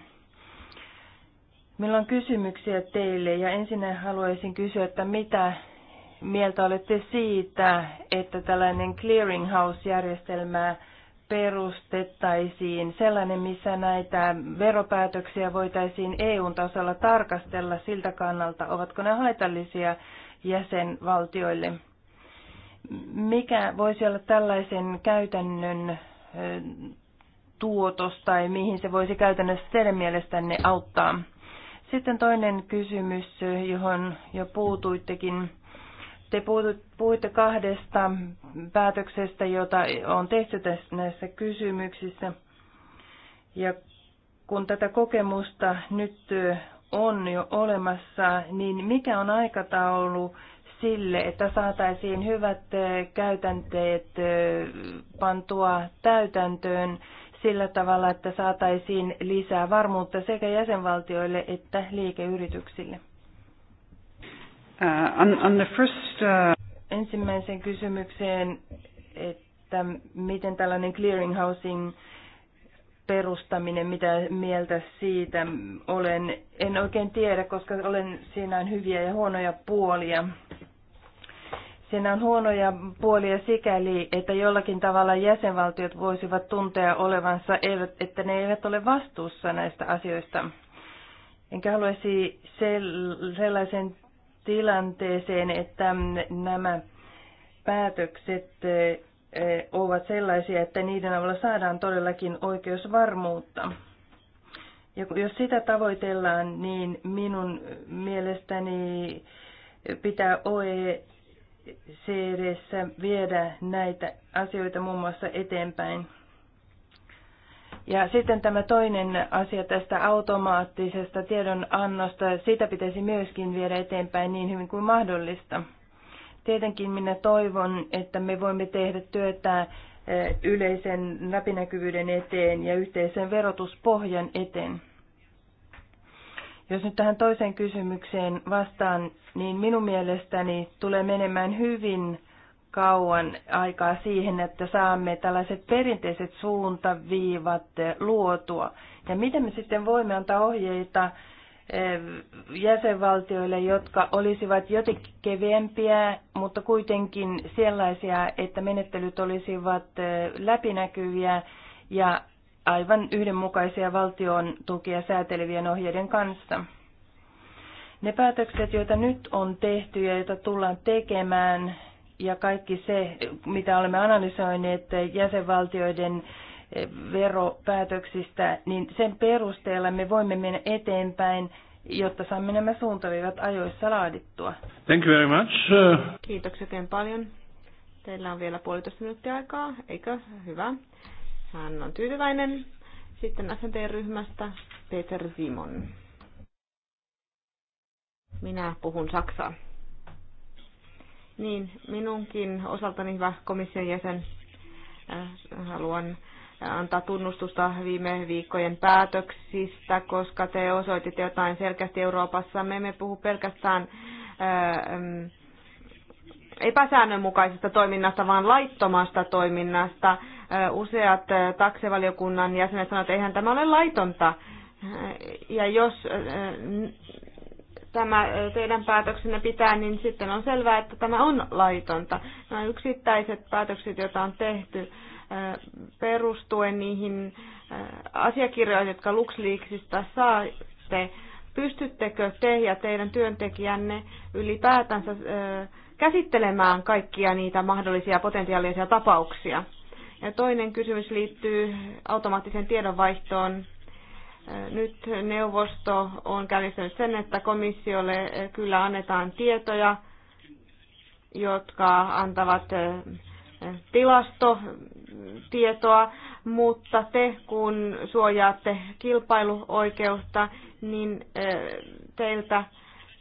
Meillä on kysymyksiä teille ja ensin haluaisin kysyä, että mitä mieltä olette siitä, että tällainen clearinghouse-järjestelmää perustettaisiin sellainen, missä näitä veropäätöksiä voitaisiin EU-tasolla tarkastella siltä kannalta, ovatko ne haitallisia jäsenvaltioille mikä voisi olla tällaisen käytännön tuotos tai mihin se voisi käytännössä teidän mielestänne auttaa? Sitten toinen kysymys, johon jo puutuittekin. Te puhuitte kahdesta päätöksestä, jota on tehty tässä näissä kysymyksissä. Ja kun tätä kokemusta nyt on jo olemassa, niin mikä on aikataulu sille, että saataisiin hyvät käytänteet pantua täytäntöön sillä tavalla, että saataisiin lisää varmuutta sekä jäsenvaltioille että liikeyrityksille? Uh, on, on the first, uh... Ensimmäisen kysymykseen, että miten tällainen clearinghousing perustaminen, mitä mieltä siitä olen. En oikein tiedä, koska olen siinä hyviä ja huonoja puolia. Siinä on huonoja puolia sikäli, että jollakin tavalla jäsenvaltiot voisivat tuntea olevansa, että ne eivät ole vastuussa näistä asioista. Enkä haluaisi sellaisen tilanteeseen, että nämä päätökset eh, eh, ovat sellaisia, että niiden avulla saadaan todellakin oikeusvarmuutta. Ja jos sitä tavoitellaan, niin minun mielestäni pitää OE CDssä viedä näitä asioita muun muassa eteenpäin. Ja sitten tämä toinen asia tästä automaattisesta tiedonannosta, sitä pitäisi myöskin viedä eteenpäin niin hyvin kuin mahdollista. Tietenkin minä toivon, että me voimme tehdä työtä eh, yleisen läpinäkyvyyden eteen ja yhteisen verotuspohjan eteen. Jos nyt tähän toiseen kysymykseen vastaan, niin minun mielestäni tulee menemään hyvin kauan aikaa siihen, että saamme tällaiset perinteiset suuntaviivat luotua. Ja miten me sitten voimme antaa ohjeita eh, jäsenvaltioille, jotka olisivat jotenkin kevempiä, mutta kuitenkin sellaisia, että menettelyt olisivat eh, läpinäkyviä ja aivan yhdenmukaisia valtion tukia säätelevien ohjeiden kanssa. Ne päätökset, joita nyt on tehty ja joita tullaan tekemään, ja kaikki se, mitä olemme analysoineet jäsenvaltioiden eh, veropäätöksistä, niin sen perusteella me voimme mennä eteenpäin, jotta saamme nämä suuntaviivat ajoissa laadittua. Thank you very much. Kiitoksia oikein paljon. Teillä on vielä puolitoista minuuttia aikaa, eikö? Hyvä. Hän on tyytyväinen. Sitten SNT-ryhmästä Peter Simon. Minä puhun saksaa. Niin, minunkin osaltani hyvä komission jäsen. Äh, haluan antaa tunnustusta viime viikkojen päätöksistä, koska te osoititte jotain selkeästi Euroopassa. Me emme puhu pelkästään äh, mm, epäsäännönmukaisesta toiminnasta, vaan laittomasta toiminnasta useat taksevaliokunnan jäsenet sanoivat, että eihän tämä ole laitonta. Ja jos tämä teidän päätöksenne pitää, niin sitten on selvää, että tämä on laitonta. Nämä yksittäiset päätökset, joita on tehty perustuen niihin asiakirjoihin, jotka LuxLeaksista saatte, pystyttekö te ja teidän työntekijänne ylipäätänsä käsittelemään kaikkia niitä mahdollisia potentiaalisia tapauksia? Ja toinen kysymys liittyy automaattiseen tiedonvaihtoon. Nyt neuvosto on käynnistänyt sen, että komissiolle kyllä annetaan tietoja, jotka antavat tilastotietoa, mutta te kun suojaatte kilpailuoikeutta, niin eh, teiltä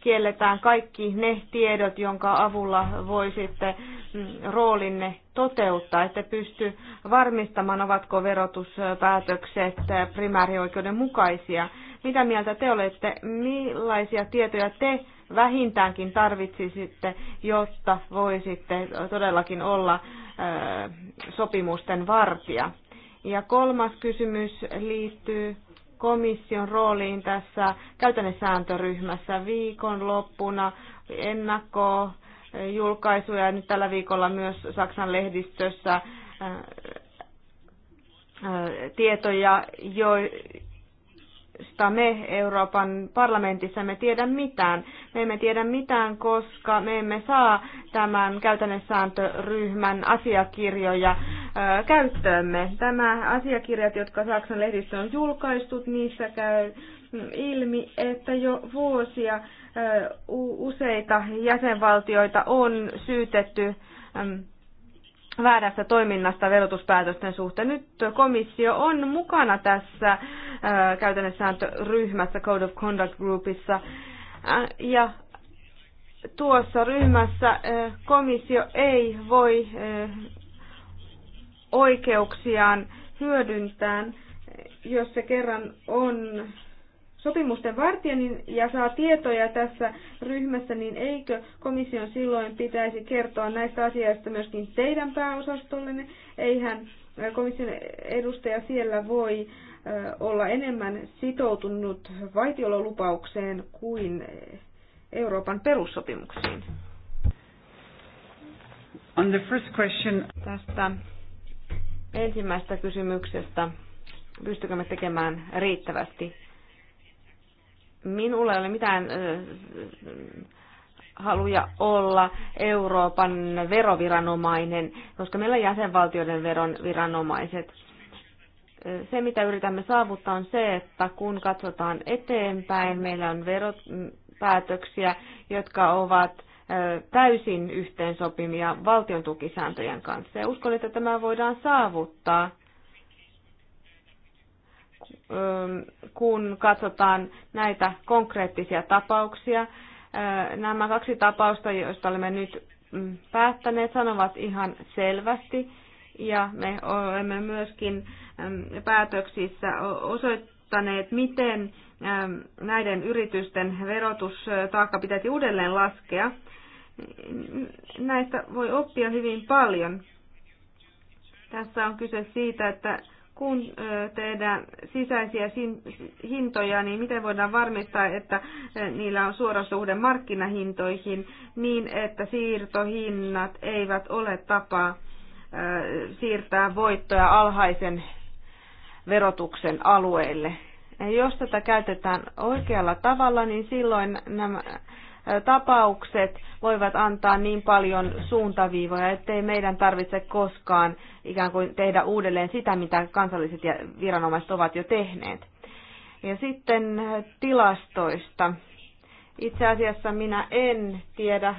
kielletään kaikki ne tiedot, jonka avulla sitten mm, roolinne toteuttaa, että pysty varmistamaan, ovatko verotuspäätökset primäärioikeuden mukaisia. Mitä mieltä te olette, millaisia tietoja te vähintäänkin tarvitsisitte, jotta voisitte todellakin olla sopimusten vartija? Ja kolmas kysymys liittyy komission rooliin tässä käytännössääntöryhmässä loppuna ennakko eh, julkaisuja nyt tällä viikolla myös Saksan lehdistössä eh, eh, tietoja, joista me Euroopan parlamentissa me tiedä mitään. Me emme tiedä mitään, koska me emme saa tämän käytännössääntöryhmän asiakirjoja käyttöömme. Tämä asiakirjat, jotka Saksan lehdissä on julkaistut, niissä käy ilmi, että jo vuosia useita jäsenvaltioita on syytetty väärästä toiminnasta verotuspäätösten suhteen. Nyt komissio on mukana tässä käytännössä ryhmässä Code of Conduct Groupissa ja tuossa ryhmässä komissio ei voi oikeuksiaan hyödyntään, jos se kerran on sopimusten vartija niin, ja saa tietoja tässä ryhmässä, niin eikö komission silloin pitäisi kertoa näistä asioista myöskin teidän pääosastollenne? Eihän komission edustaja siellä voi olla enemmän sitoutunut vaitiololupaukseen kuin Euroopan perussopimuksiin. On the first question. Tästä ensimmäisestä kysymyksestä, pystykö me tekemään riittävästi. Minulla ei ole mitään haluja olla Euroopan veroviranomainen, koska meillä on jäsenvaltioiden veron viranomaiset. Se, mitä yritämme saavuttaa, on se, että kun katsotaan eteenpäin, meillä on veropäätöksiä, jotka ovat täysin yhteensopimia valtion tukisääntöjen kanssa. Ja uskon, että tämä voidaan saavuttaa, kun katsotaan näitä konkreettisia tapauksia. Nämä kaksi tapausta, joista olemme nyt mm, päättäneet, sanovat ihan selvästi, ja me olemme myöskin päätöksissä osoittaneet, miten näiden yritysten verotustaakka pitäisi uudelleen laskea näistä voi oppia hyvin paljon. Tässä on kyse siitä, että kun tehdään sisäisiä hintoja, niin miten voidaan varmistaa, että niillä on suora suhde markkinahintoihin niin, että siirtohinnat eivät ole tapa siirtää voittoja alhaisen verotuksen alueelle. Ja jos tätä käytetään oikealla tavalla, niin silloin nämä tapaukset voivat antaa niin paljon suuntaviivoja, ettei meidän tarvitse koskaan ikään kuin tehdä uudelleen sitä, mitä kansalliset ja viranomaiset ovat jo tehneet. Ja sitten tilastoista. Itse asiassa minä en tiedä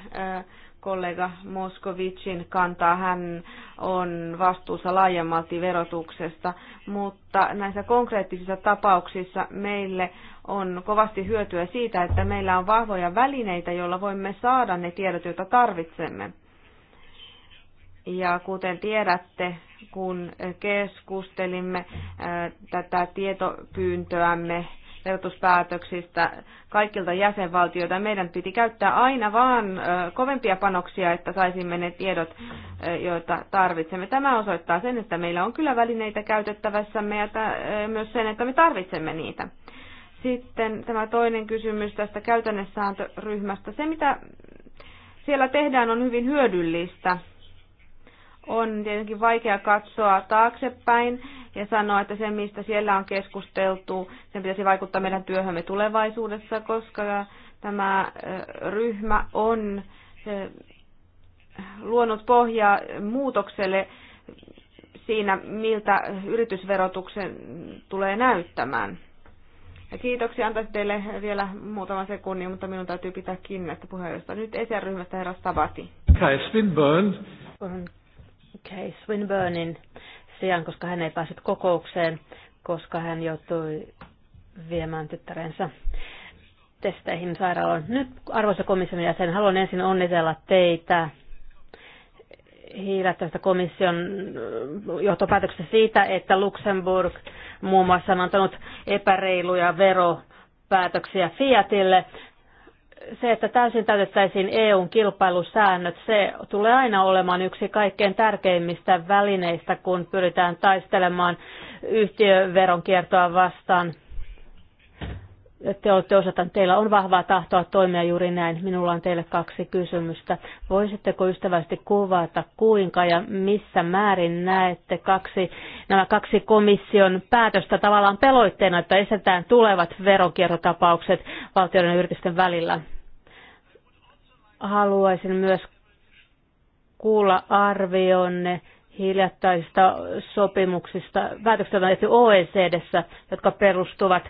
kollega Moskovicin kantaa. Hän on vastuussa laajemmalti verotuksesta, mutta näissä konkreettisissa tapauksissa meille on kovasti hyötyä siitä, että meillä on vahvoja välineitä, joilla voimme saada ne tiedot, joita tarvitsemme. Ja kuten tiedätte, kun keskustelimme tätä tietopyyntöämme verotuspäätöksistä kaikilta jäsenvaltioilta. Meidän piti käyttää aina vaan kovempia panoksia, että saisimme ne tiedot, joita tarvitsemme. Tämä osoittaa sen, että meillä on kyllä välineitä käytettävässämme ja myös sen, että me tarvitsemme niitä. Sitten tämä toinen kysymys tästä käytännössääntöryhmästä. Se, mitä siellä tehdään, on hyvin hyödyllistä. On tietenkin vaikea katsoa taaksepäin ja sanoa, että se, mistä siellä on keskusteltu, sen pitäisi vaikuttaa meidän työhömme tulevaisuudessa, koska tämä ryhmä on luonut pohjaa muutokselle siinä, miltä yritysverotuksen tulee näyttämään. Ja kiitoksia. Antaisin teille vielä muutaman sekunnin, mutta minun täytyy pitää kiinni näistä puheenjohtajista. Nyt esiryhmästä herra Stavati. Kai Swinburne. Kai Swinburnin sijaan, koska hän ei päässyt kokoukseen, koska hän joutui viemään tyttärensä testeihin sairaalaan. Nyt, arvoisa komission jäsen, haluan ensin onnitella teitä hiilättävästä komission äh, johtopäätöksestä siitä, että Luxemburg muun muassa on antanut epäreiluja veropäätöksiä Fiatille se, että täysin täytettäisiin EUn kilpailusäännöt, se tulee aina olemaan yksi kaikkein tärkeimmistä välineistä, kun pyritään taistelemaan yhtiöveron kiertoa vastaan. Te olette osata, teillä on vahvaa tahtoa toimia juuri näin. Minulla on teille kaksi kysymystä. Voisitteko ystävällisesti kuvata, kuinka ja missä määrin näette kaksi, nämä kaksi komission päätöstä tavallaan peloitteena, että estetään tulevat veronkiertotapaukset valtioiden ja yritysten välillä? Haluaisin myös kuulla arvionne hiljattaisista sopimuksista, päätöksistä on tehty OECDssä, jotka perustuvat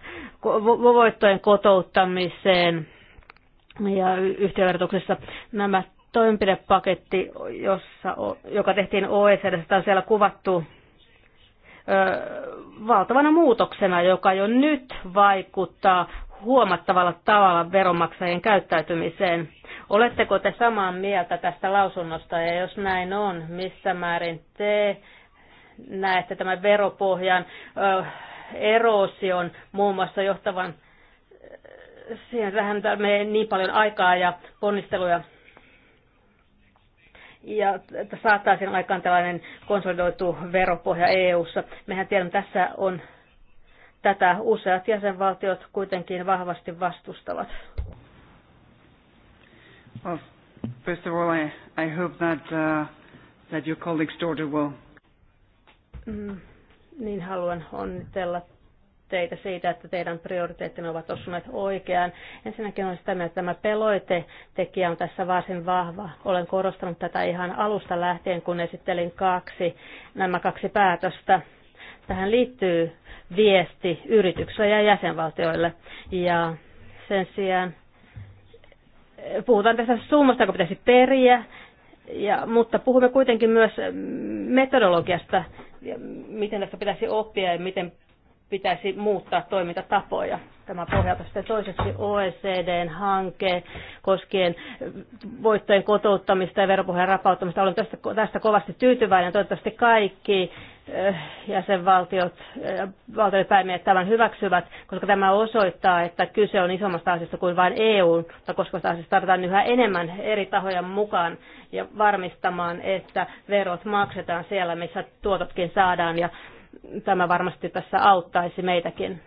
voittojen kotouttamiseen ja yhtiöverotuksessa. Nämä toimenpidepaketti, jossa, joka tehtiin OECDssä, on siellä kuvattu valtavana muutoksena, joka jo nyt vaikuttaa huomattavalla tavalla veronmaksajien käyttäytymiseen. Oletteko te samaa mieltä tästä lausunnosta ja jos näin on, missä määrin te näette tämän veropohjan ö, erosion muun muassa johtavan siihen vähän menee niin paljon aikaa ja ponnisteluja. Ja saattaa sen aikaan tällainen konsolidoitu veropohja EU-ssa. Mehän tiedämme, tässä on Tätä useat jäsenvaltiot kuitenkin vahvasti vastustavat. Well, first of all, I, I hope that, uh, that your colleague's daughter will... Mm, niin haluan onnitella teitä siitä, että teidän prioriteettinne ovat osuneet oikeaan. Ensinnäkin on sitä että tämä peloitetekijä on tässä varsin vahva. Olen korostanut tätä ihan alusta lähtien, kun esittelin kaksi, nämä kaksi päätöstä Tähän liittyy viesti yrityksille ja jäsenvaltioille. Ja sen sijaan eh, puhutaan tästä summasta, joka pitäisi periä, ja, mutta puhumme kuitenkin myös metodologiasta, miten tästä pitäisi oppia ja miten pitäisi muuttaa toimintatapoja. Tämä pohjalta sitten toiseksi OECDn hanke koskien voittojen kotouttamista ja veropohjan rapauttamista. Olen tästä, tästä kovasti tyytyväinen. Toivottavasti kaikki Eh, jäsenvaltiot, eh, valtioiden päämiehet tämän hyväksyvät, koska tämä osoittaa, että kyse on isommasta asiasta kuin vain EU, koska sitä asiasta tarvitaan yhä enemmän eri tahoja mukaan ja varmistamaan, että verot maksetaan siellä, missä tuototkin saadaan ja tämä varmasti tässä auttaisi meitäkin.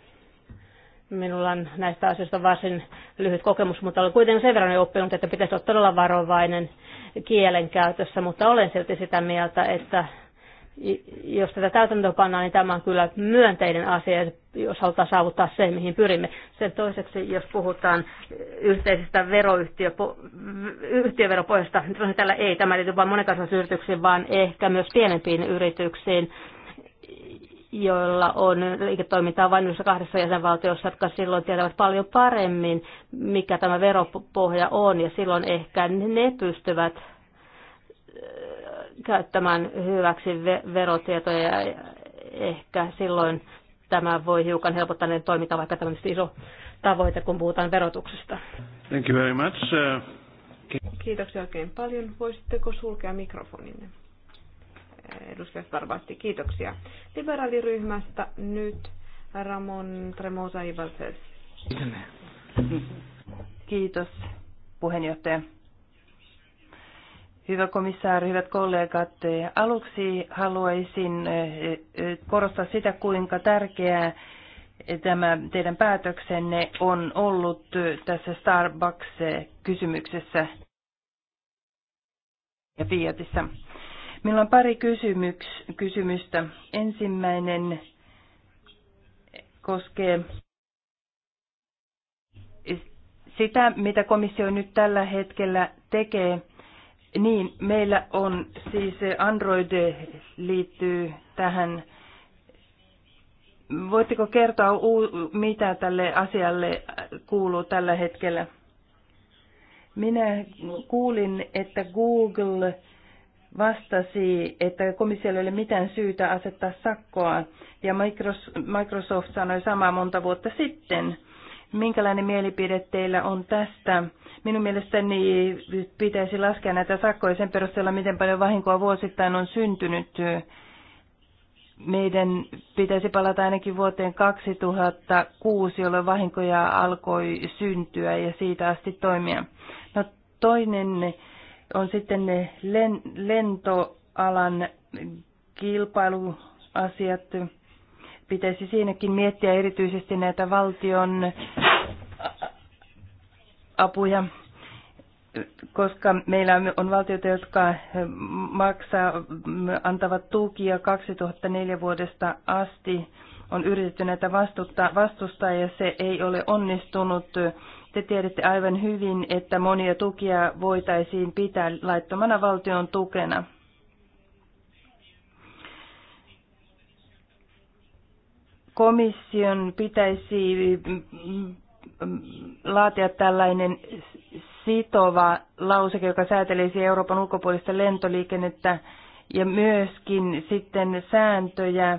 Minulla on näistä asioista varsin lyhyt kokemus, mutta olen kuitenkin sen verran oppinut, että pitäisi olla todella varovainen kielenkäytössä, mutta olen silti sitä mieltä, että jos tätä täytäntöön pannaan, niin tämä on kyllä myönteinen asia, jos halutaan saavuttaa se, mihin pyrimme. Sen toiseksi, jos puhutaan yhteisestä veroyhtiö, yhtiöveropohjasta, niin tällä ei, tämä liity vain monikansallisiin yrityksiin, vaan ehkä myös pienempiin yrityksiin, joilla on liiketoimintaa vain yhdessä kahdessa jäsenvaltiossa, jotka silloin tietävät paljon paremmin, mikä tämä veropohja on, ja silloin ehkä ne pystyvät käyttämään hyväksi verotietoja. ja Ehkä silloin tämä voi hiukan helpottaa niiden toiminta, vaikka tämä on iso tavoite, kun puhutaan verotuksesta. Thank you very much. Uh, kiitoksia oikein paljon. Voisitteko sulkea mikrofoninne? Eh, Edustaja Starvasti, kiitoksia. Liberaaliryhmästä nyt Ramon Tremosa Ivalses. Kiitos puheenjohtaja. Hyvä komissaari, hyvät kollegat, aluksi haluaisin eh, eh, korostaa sitä, kuinka tärkeää tämä teidän päätöksenne on ollut eh, tässä Starbucks-kysymyksessä ja Fiatissa. Meillä on pari kysymyks, kysymystä. Ensimmäinen koskee sitä, mitä komissio nyt tällä hetkellä tekee – niin, meillä on siis Android liittyy tähän. Voitteko kertoa, mitä tälle asialle kuuluu tällä hetkellä? Minä kuulin, että Google vastasi, että komissiolla ei ole mitään syytä asettaa sakkoa, ja Microsoft sanoi samaa monta vuotta sitten. Minkälainen mielipide teillä on tästä? Minun mielestäni pitäisi laskea näitä sakkoja sen perusteella, miten paljon vahinkoa vuosittain on syntynyt. Meidän pitäisi palata ainakin vuoteen 2006, jolloin vahinkoja alkoi syntyä ja siitä asti toimia. No, toinen on sitten ne lentoalan kilpailuasiat. Pitäisi siinäkin miettiä erityisesti näitä valtion apuja, koska meillä on valtioita, jotka maksaa, antavat tukia 2004 vuodesta asti. On yritetty näitä vastustaa, ja se ei ole onnistunut. Te tiedätte aivan hyvin, että monia tukia voitaisiin pitää laittomana valtion tukena. komission pitäisi mm, mm, laatia tällainen sitova lauseke, joka säätelisi Euroopan ulkopuolista lentoliikennettä ja myöskin sitten sääntöjä,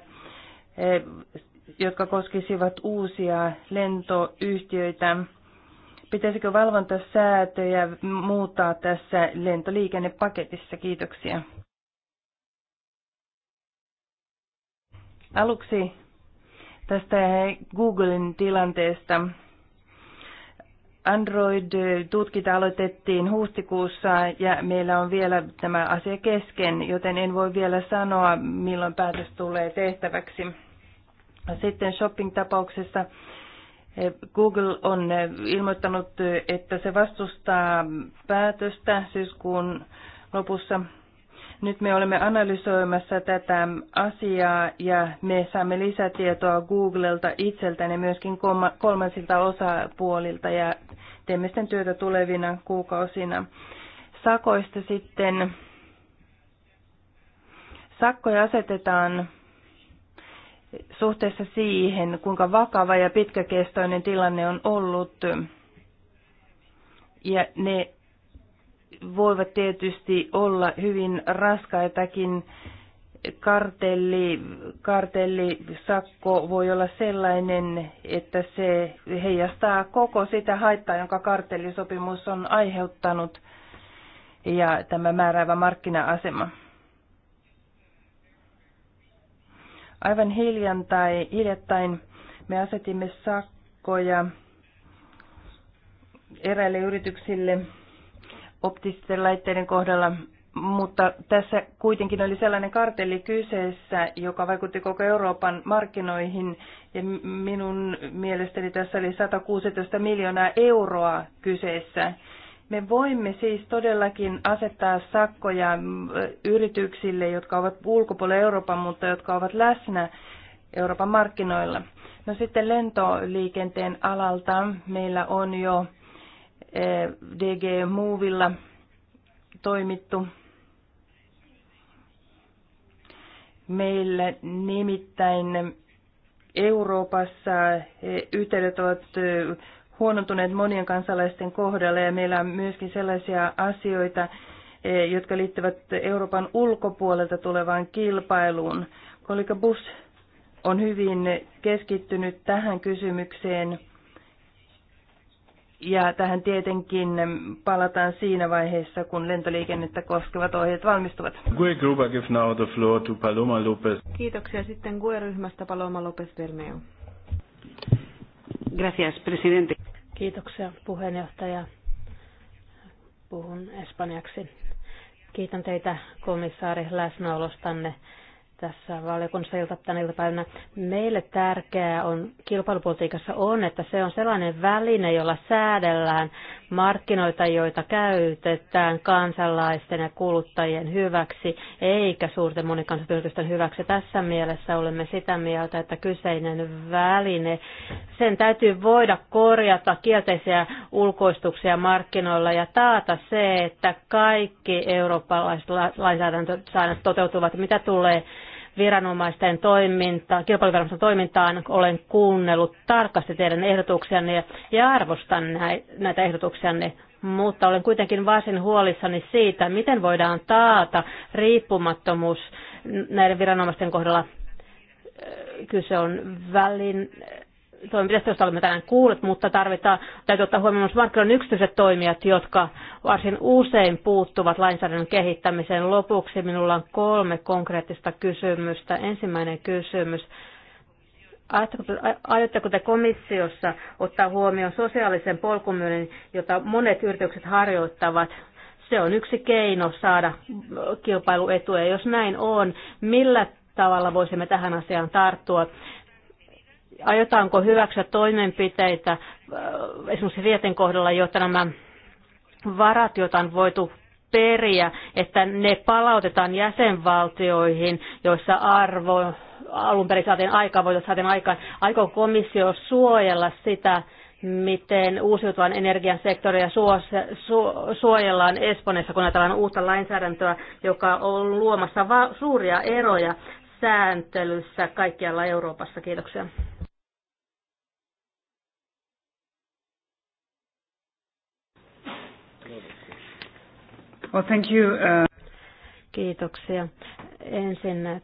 eh, jotka koskisivat uusia lentoyhtiöitä. Pitäisikö valvontasäätöjä muuttaa tässä lentoliikennepaketissa? Kiitoksia. Aluksi tästä Googlen tilanteesta. Android-tutkinta aloitettiin huhtikuussa ja meillä on vielä tämä asia kesken, joten en voi vielä sanoa, milloin päätös tulee tehtäväksi. Sitten shopping-tapauksessa eh, Google on eh, ilmoittanut, eh, että se vastustaa päätöstä syyskuun lopussa nyt me olemme analysoimassa tätä asiaa ja me saamme lisätietoa Googlelta itseltään ja myöskin kolmansilta osapuolilta ja teemme sitten työtä tulevina kuukausina. Sakoista sitten. Sakkoja asetetaan suhteessa siihen, kuinka vakava ja pitkäkestoinen tilanne on ollut. Ja ne voivat tietysti olla hyvin raskaitakin. Kartelli, kartellisakko voi olla sellainen, että se heijastaa koko sitä haittaa, jonka kartellisopimus on aiheuttanut ja tämä määräävä markkina-asema. Aivan hiljan tai hiljattain me asetimme sakkoja eräille yrityksille optisten laitteiden kohdalla, mutta tässä kuitenkin oli sellainen kartelli kyseessä, joka vaikutti koko Euroopan markkinoihin, ja minun mielestäni tässä oli 116 miljoonaa euroa kyseessä. Me voimme siis todellakin asettaa sakkoja yrityksille, jotka ovat ulkopuolella Euroopan, mutta jotka ovat läsnä Euroopan markkinoilla. No sitten lentoliikenteen alalta meillä on jo Eh, DG Movilla toimittu. Meillä nimittäin Euroopassa yhteydet ovat eh, huonontuneet monien kansalaisten kohdalla ja meillä on myöskin sellaisia asioita, eh, jotka liittyvät Euroopan ulkopuolelta tulevaan kilpailuun. Kolika Bus on hyvin keskittynyt tähän kysymykseen ja tähän tietenkin palataan siinä vaiheessa, kun lentoliikennettä koskevat ohjeet valmistuvat. Kiitoksia sitten GUE-ryhmästä Paloma Lopez Vermeo. Gracias, presidente. Kiitoksia puheenjohtaja. Puhun espanjaksi. Kiitän teitä komissaari läsnäolostanne tässä valiokunnassa ilta, tänä iltapäivänä. Meille tärkeää on kilpailupolitiikassa on, että se on sellainen väline, jolla säädellään markkinoita, joita käytetään kansalaisten ja kuluttajien hyväksi, eikä suurten monikansallisten hyväksi. Tässä mielessä olemme sitä mieltä, että kyseinen väline, sen täytyy voida korjata kielteisiä ulkoistuksia markkinoilla ja taata se, että kaikki eurooppalaiset lainsäädäntösäännöt toteutuvat, mitä tulee viranomaisten toiminta, kilpailuviranomaisten toimintaan. Olen kuunnellut tarkasti teidän ehdotuksianne ja arvostan näitä ehdotuksianne, mutta olen kuitenkin varsin huolissani siitä, miten voidaan taata riippumattomuus näiden viranomaisten kohdalla. Kyse on välin, toimenpiteistä, joista olemme tänään kuulleet, mutta tarvitaan, täytyy ottaa huomioon myös markkinoiden yksityiset toimijat, jotka varsin usein puuttuvat lainsäädännön kehittämiseen. Lopuksi minulla on kolme konkreettista kysymystä. Ensimmäinen kysymys. Aiotteko te komissiossa ottaa huomioon sosiaalisen polkumyynnin, jota monet yritykset harjoittavat? Se on yksi keino saada kilpailuetuja. Jos näin on, millä tavalla voisimme tähän asiaan tarttua aiotaanko hyväksyä toimenpiteitä äh, esimerkiksi vieten kohdalla, jotta nämä varat, joita on voitu periä, että ne palautetaan jäsenvaltioihin, joissa arvo alun perin saatiin aikaa, voitaisiin saatiin aikaan. Aikoo komissio suojella sitä, miten uusiutuvan energian sektoria suojellaan Espanjassa, kun ajatellaan uutta lainsäädäntöä, joka on luomassa suuria eroja sääntelyssä kaikkialla Euroopassa. Kiitoksia. Well, thank you. Uh... Kiitoksia. Ensin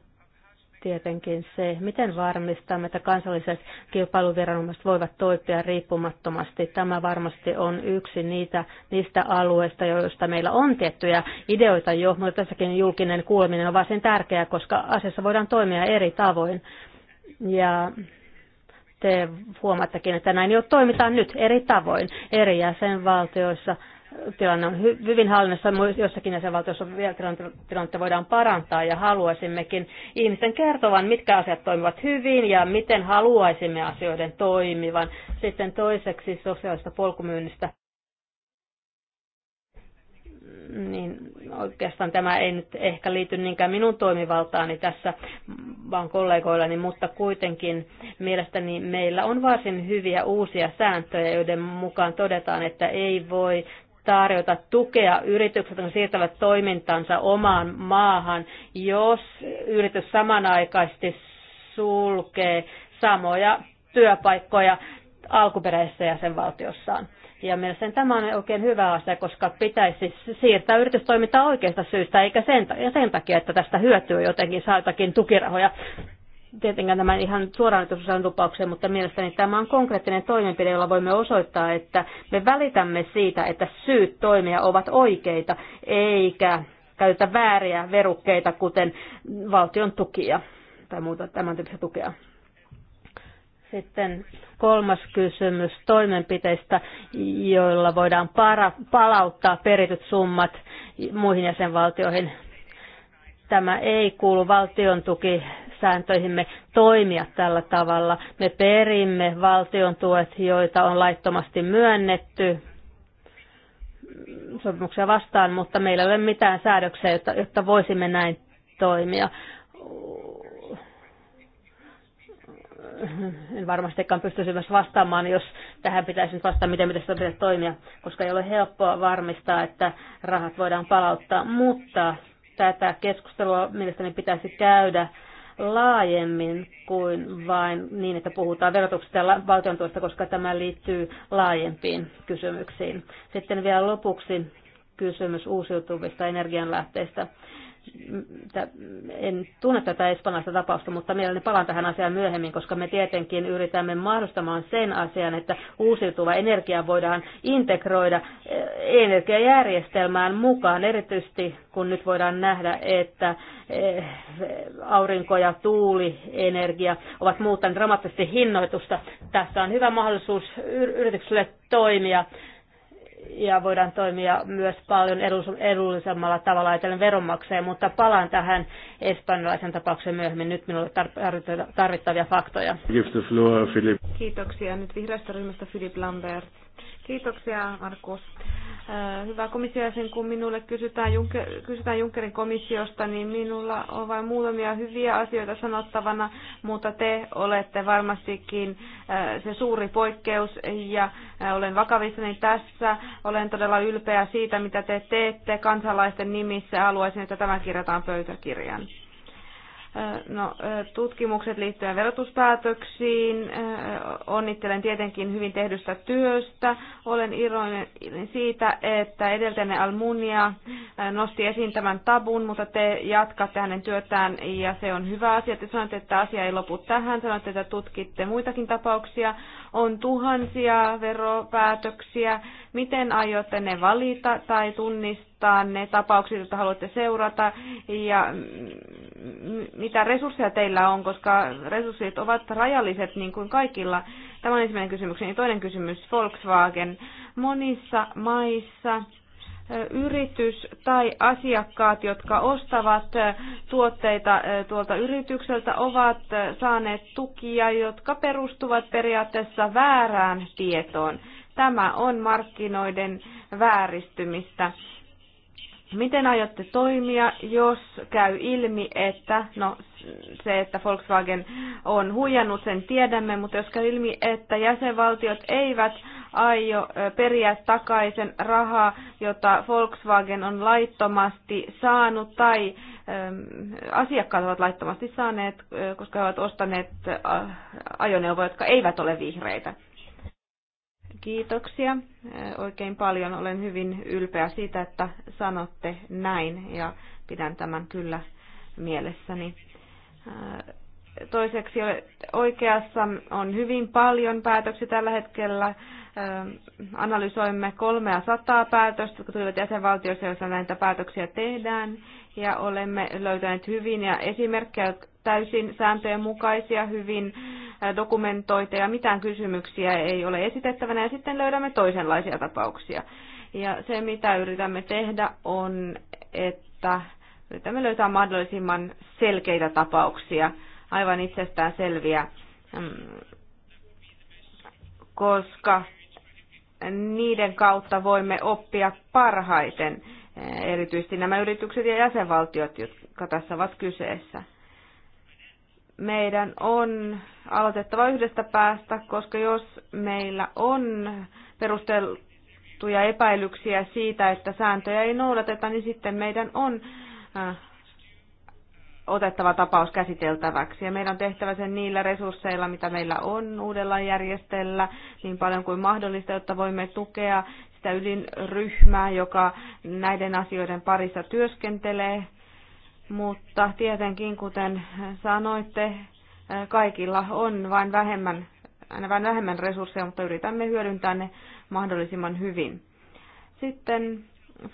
tietenkin se, miten varmistamme, että kansalliset kilpailuviranomaiset voivat toimia riippumattomasti. Tämä varmasti on yksi niitä, niistä alueista, joista meillä on tiettyjä ideoita jo, mutta tässäkin julkinen kuuleminen on varsin tärkeää, koska asiassa voidaan toimia eri tavoin. Ja te huomattakin, että näin jo toimitaan nyt eri tavoin eri jäsenvaltioissa – tilanne on hy- hyvin hallinnassa, jossakin jäsenvaltiossa vielä tilannetta voidaan parantaa ja haluaisimmekin ihmisten kertovan, mitkä asiat toimivat hyvin ja miten haluaisimme asioiden toimivan. Sitten toiseksi sosiaalista polkumyynnistä. Niin oikeastaan tämä ei nyt ehkä liity niinkään minun toimivaltaani tässä, vaan kollegoillani, mutta kuitenkin mielestäni meillä on varsin hyviä uusia sääntöjä, joiden mukaan todetaan, että ei voi tarjota tukea yritykset, kun siirtävät toimintansa omaan maahan, jos yritys samanaikaisesti sulkee samoja työpaikkoja alkuperäisessä jäsenvaltiossaan. Ja mielestäni tämä on oikein hyvä asia, koska pitäisi siirtää yritystoimintaa oikeasta syystä, eikä sen, ja sen takia, että tästä hyötyy jotenkin, saa tukirahoja. Tietenkään tämä ihan suoraan nyt lupaukseen, mutta mielestäni tämä on konkreettinen toimenpide, jolla voimme osoittaa, että me välitämme siitä, että syyt toimia ovat oikeita, eikä käytetä vääriä verukkeita, kuten valtion tukia tai muuta tämän tyyppistä tukea. Sitten kolmas kysymys toimenpiteistä, joilla voidaan para, palauttaa perityt summat muihin jäsenvaltioihin. Tämä ei kuulu valtion tuki sääntöihimme toimia tällä tavalla. Me perimme valtion tuet, joita on laittomasti myönnetty sopimuksia vastaan, mutta meillä ei ole mitään säädöksiä, jotta, jotta voisimme näin toimia. en varmastikaan pystyisi myös vastaamaan, jos tähän pitäisi nyt vastata, miten pitäisi pitäisi toimia, koska ei ole helppoa varmistaa, että rahat voidaan palauttaa. Mutta tätä keskustelua mielestäni pitäisi käydä laajemmin kuin vain niin, että puhutaan verotuksesta ja valtion tuosta, koska tämä liittyy laajempiin kysymyksiin. Sitten vielä lopuksi kysymys uusiutuvista energianlähteistä en tunne tätä espanjalaista tapausta, mutta mielelläni palaan tähän asiaan myöhemmin, koska me tietenkin yritämme mahdollistamaan sen asian, että uusiutuva energia voidaan integroida eh, energiajärjestelmään mukaan, erityisesti kun nyt voidaan nähdä, että eh, aurinko- ja tuulienergia ovat muuttaneet dramaattisesti hinnoitusta. Tässä on hyvä mahdollisuus yritykselle toimia ja voidaan toimia myös paljon edullisemmalla tavalla ajatellen veronmaksajia, mutta palaan tähän espanjalaisen tapaukseen myöhemmin. Nyt minulle tarvittavia faktoja. Kiitoksia. Nyt vihreästä ryhmästä Philip Lambert. Kiitoksia, Markus. Äh, hyvä sen kun minulle kysytään, Juncker, kysytään Junckerin komissiosta, niin minulla on vain muutamia hyviä asioita sanottavana, mutta te olette varmastikin äh, se suuri poikkeus ja äh, olen vakavissani tässä. Olen todella ylpeä siitä, mitä te teette kansalaisten nimissä. Haluaisin, että tämä kirjataan pöytäkirjaan. No, tutkimukset liittyen verotuspäätöksiin. Onnittelen tietenkin hyvin tehdystä työstä. Olen iloinen siitä, että edeltäinen Almunia nosti esiin tämän tabun, mutta te jatkatte hänen työtään ja se on hyvä asia. Te sanoitte, että asia ei lopu tähän. Sanoitte, että tutkitte muitakin tapauksia. On tuhansia veropäätöksiä. Miten aiotte ne valita tai tunnistaa ne tapaukset, joita haluatte seurata ja mitä resursseja teillä on, koska resurssit ovat rajalliset niin kuin kaikilla. Tämä on ensimmäinen kysymys. Toinen kysymys, Volkswagen. Monissa maissa yritys tai asiakkaat, jotka ostavat tuotteita tuolta yritykseltä, ovat saaneet tukia, jotka perustuvat periaatteessa väärään tietoon. Tämä on markkinoiden vääristymistä. Miten aiotte toimia, jos käy ilmi, että no, se, että Volkswagen on huijannut, sen tiedämme, mutta jos käy ilmi, että jäsenvaltiot eivät aio periä takaisin rahaa, jota Volkswagen on laittomasti saanut tai asiakkaat ovat laittomasti saaneet, koska he ovat ostaneet ajoneuvoja, jotka eivät ole vihreitä. Kiitoksia oikein paljon. Olen hyvin ylpeä siitä, että sanotte näin ja pidän tämän kyllä mielessäni. Toiseksi oikeassa on hyvin paljon päätöksiä tällä hetkellä. Analysoimme 300 päätöstä, jotka tulivat jäsenvaltioissa, joissa näitä päätöksiä tehdään. Ja olemme löytäneet hyvin ja esimerkkejä täysin sääntöjen mukaisia, hyvin dokumentoita ja mitään kysymyksiä ei ole esitettävänä ja sitten löydämme toisenlaisia tapauksia. Ja se, mitä yritämme tehdä, on, että yritämme löytää mahdollisimman selkeitä tapauksia, aivan itsestään selviä, mm, koska niiden kautta voimme oppia parhaiten, eh, erityisesti nämä yritykset ja jäsenvaltiot, jotka tässä ovat kyseessä meidän on aloitettava yhdestä päästä, koska jos meillä on perusteltuja epäilyksiä siitä, että sääntöjä ei noudateta, niin sitten meidän on äh, otettava tapaus käsiteltäväksi. Ja meidän on tehtävä sen niillä resursseilla, mitä meillä on uudella järjestellä, niin paljon kuin mahdollista, jotta voimme tukea sitä ydinryhmää, joka näiden asioiden parissa työskentelee mutta tietenkin, kuten sanoitte, kaikilla on vain vähemmän, aina vain vähemmän resursseja, mutta yritämme hyödyntää ne mahdollisimman hyvin. Sitten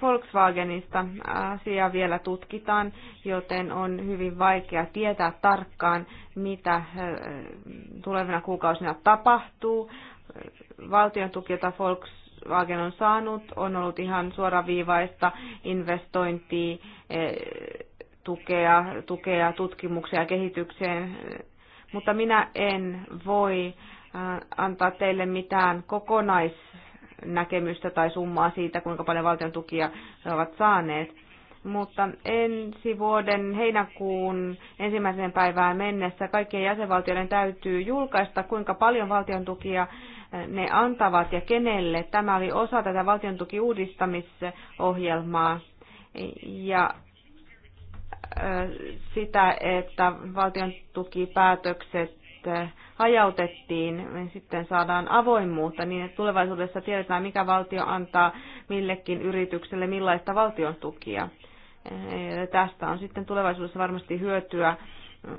Volkswagenista asia vielä tutkitaan, joten on hyvin vaikea tietää tarkkaan, mitä äh, tulevina kuukausina tapahtuu. Valtion tuki, jota Volkswagen on saanut, on ollut ihan suoraviivaista investointia äh, tukea, tukea tutkimuksia ja kehitykseen, mutta minä en voi antaa teille mitään kokonaisnäkemystä tai summaa siitä, kuinka paljon valtion tukia he ovat saaneet. Mutta ensi vuoden heinäkuun ensimmäiseen päivään mennessä kaikkien jäsenvaltioiden täytyy julkaista, kuinka paljon valtion tukia ne antavat ja kenelle. Tämä oli osa tätä valtion tukiuudistamisohjelmaa. Ja sitä, että valtion tukipäätökset eh, hajautettiin, niin sitten saadaan avoimuutta niin, että tulevaisuudessa tiedetään, mikä valtio antaa millekin yritykselle millaista valtion tukia. Eh, tästä on sitten tulevaisuudessa varmasti hyötyä, mm,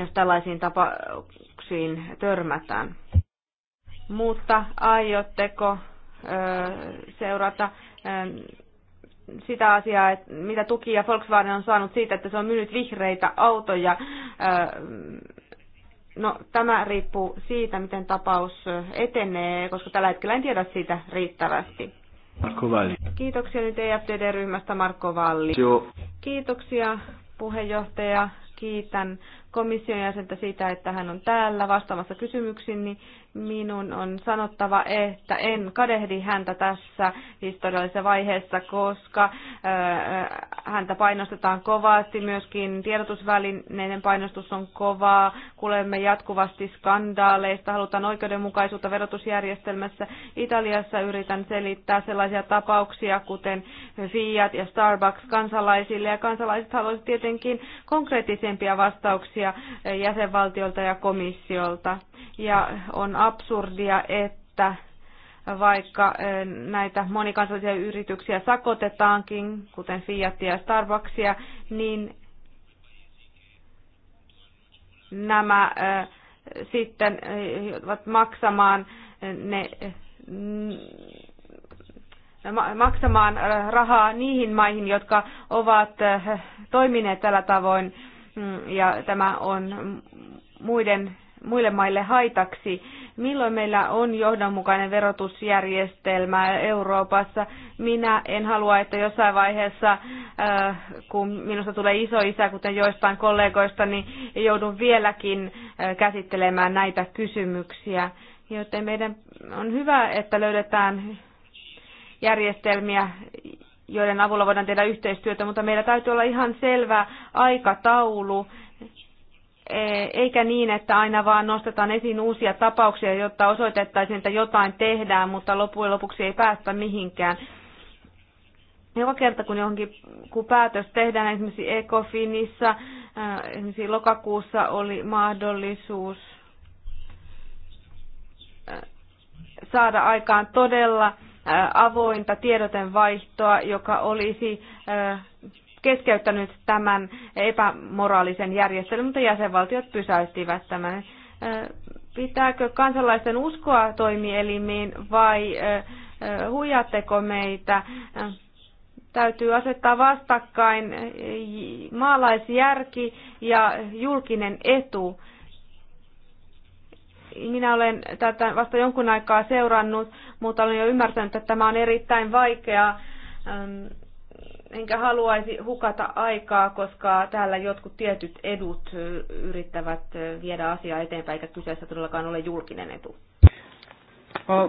jos tällaisiin tapauksiin törmätään. Mutta aiotteko eh, seurata sitä asiaa, että mitä tukia Volkswagen on saanut siitä, että se on myynyt vihreitä autoja. Öö, no, tämä riippuu siitä, miten tapaus etenee, koska tällä hetkellä en tiedä siitä riittävästi. Marko Valli. Kiitoksia nyt EFTD-ryhmästä Marko Valli. Joo. Kiitoksia puheenjohtaja. Kiitän komission jäsentä siitä, että hän on täällä vastaamassa kysymyksiin, niin minun on sanottava, että en kadehdi häntä tässä historiallisessa vaiheessa, koska häntä painostetaan kovasti, myöskin tiedotusvälineiden painostus on kovaa, kuulemme jatkuvasti skandaaleista, halutaan oikeudenmukaisuutta verotusjärjestelmässä. Italiassa yritän selittää sellaisia tapauksia, kuten Fiat ja Starbucks kansalaisille, ja kansalaiset haluaisivat tietenkin konkreettisempia vastauksia vaatimuksia jäsenvaltiolta ja komissiolta. Ja on absurdia, että vaikka eh, näitä monikansallisia yrityksiä sakotetaankin, kuten Fiatia ja Starbucksia, niin nämä eh, sitten eh, ovat maksamaan ne maksamaan rahaa niihin maihin, jotka ovat toimineet tällä tavoin Mm, ja tämä on muiden, muille maille haitaksi. Milloin meillä on johdonmukainen verotusjärjestelmä Euroopassa? Minä en halua, että jossain vaiheessa, äh, kun minusta tulee iso isä, kuten joistain kollegoista, niin joudun vieläkin äh, käsittelemään näitä kysymyksiä. Joten meidän on hyvä, että löydetään järjestelmiä, joiden avulla voidaan tehdä yhteistyötä, mutta meillä täytyy olla ihan selvä aikataulu, e, eikä niin, että aina vaan nostetaan esiin uusia tapauksia, jotta osoitettaisiin, että jotain tehdään, mutta loppujen lopuksi ei päästä mihinkään. Joka kerta, kun johonkin kun päätös tehdään, esimerkiksi Ecofinissa, esimerkiksi lokakuussa oli mahdollisuus saada aikaan todella avointa tiedotenvaihtoa, joka olisi keskeyttänyt tämän epämoraalisen järjestelyn, mutta jäsenvaltiot pysäyttivät tämän. Pitääkö kansalaisten uskoa toimielimiin vai huijatteko meitä? Täytyy asettaa vastakkain maalaisjärki ja julkinen etu minä olen tätä vasta jonkun aikaa seurannut, mutta olen jo ymmärtänyt, että tämä on erittäin vaikeaa. Enkä haluaisi hukata aikaa, koska täällä jotkut tietyt edut yrittävät viedä asiaa eteenpäin, eikä kyseessä todellakaan ole julkinen etu. Well,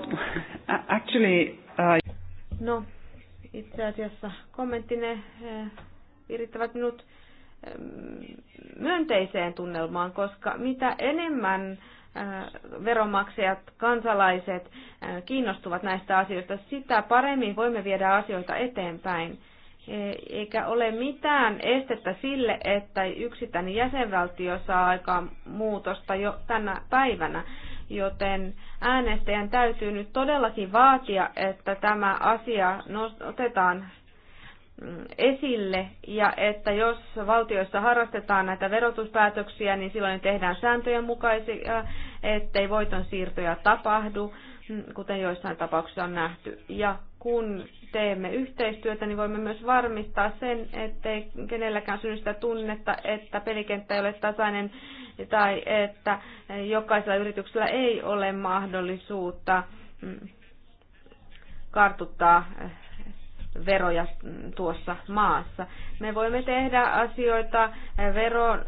actually, uh... No, itse asiassa kommenttine virittävät minut myönteiseen tunnelmaan, koska mitä enemmän Äh, veronmaksajat, kansalaiset äh, kiinnostuvat näistä asioista, sitä paremmin voimme viedä asioita eteenpäin. E, eikä ole mitään estettä sille, että yksittäinen jäsenvaltio saa aikaan muutosta jo tänä päivänä. Joten äänestäjän täytyy nyt todellakin vaatia, että tämä asia otetaan esille ja että jos valtioissa harrastetaan näitä verotuspäätöksiä, niin silloin ne tehdään sääntöjen mukaisia, ettei voiton siirtoja tapahdu, kuten joissain tapauksissa on nähty. Ja kun teemme yhteistyötä, niin voimme myös varmistaa sen, ettei kenelläkään synny sitä tunnetta, että pelikenttä ei ole tasainen tai että jokaisella yrityksellä ei ole mahdollisuutta kartuttaa veroja mm, tuossa maassa. Me voimme tehdä asioita eh, vero, eh,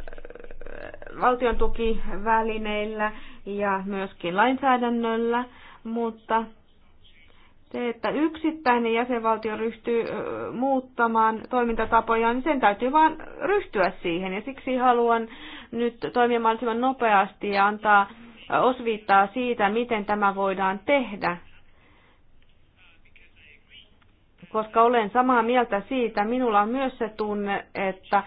valtion tukivälineillä ja myöskin lainsäädännöllä, mutta se, että yksittäinen jäsenvaltio ryhtyy eh, muuttamaan toimintatapoja, niin sen täytyy vain ryhtyä siihen. Ja siksi haluan nyt toimia mahdollisimman nopeasti ja antaa osviittaa siitä, miten tämä voidaan tehdä koska olen samaa mieltä siitä. Minulla on myös se tunne, että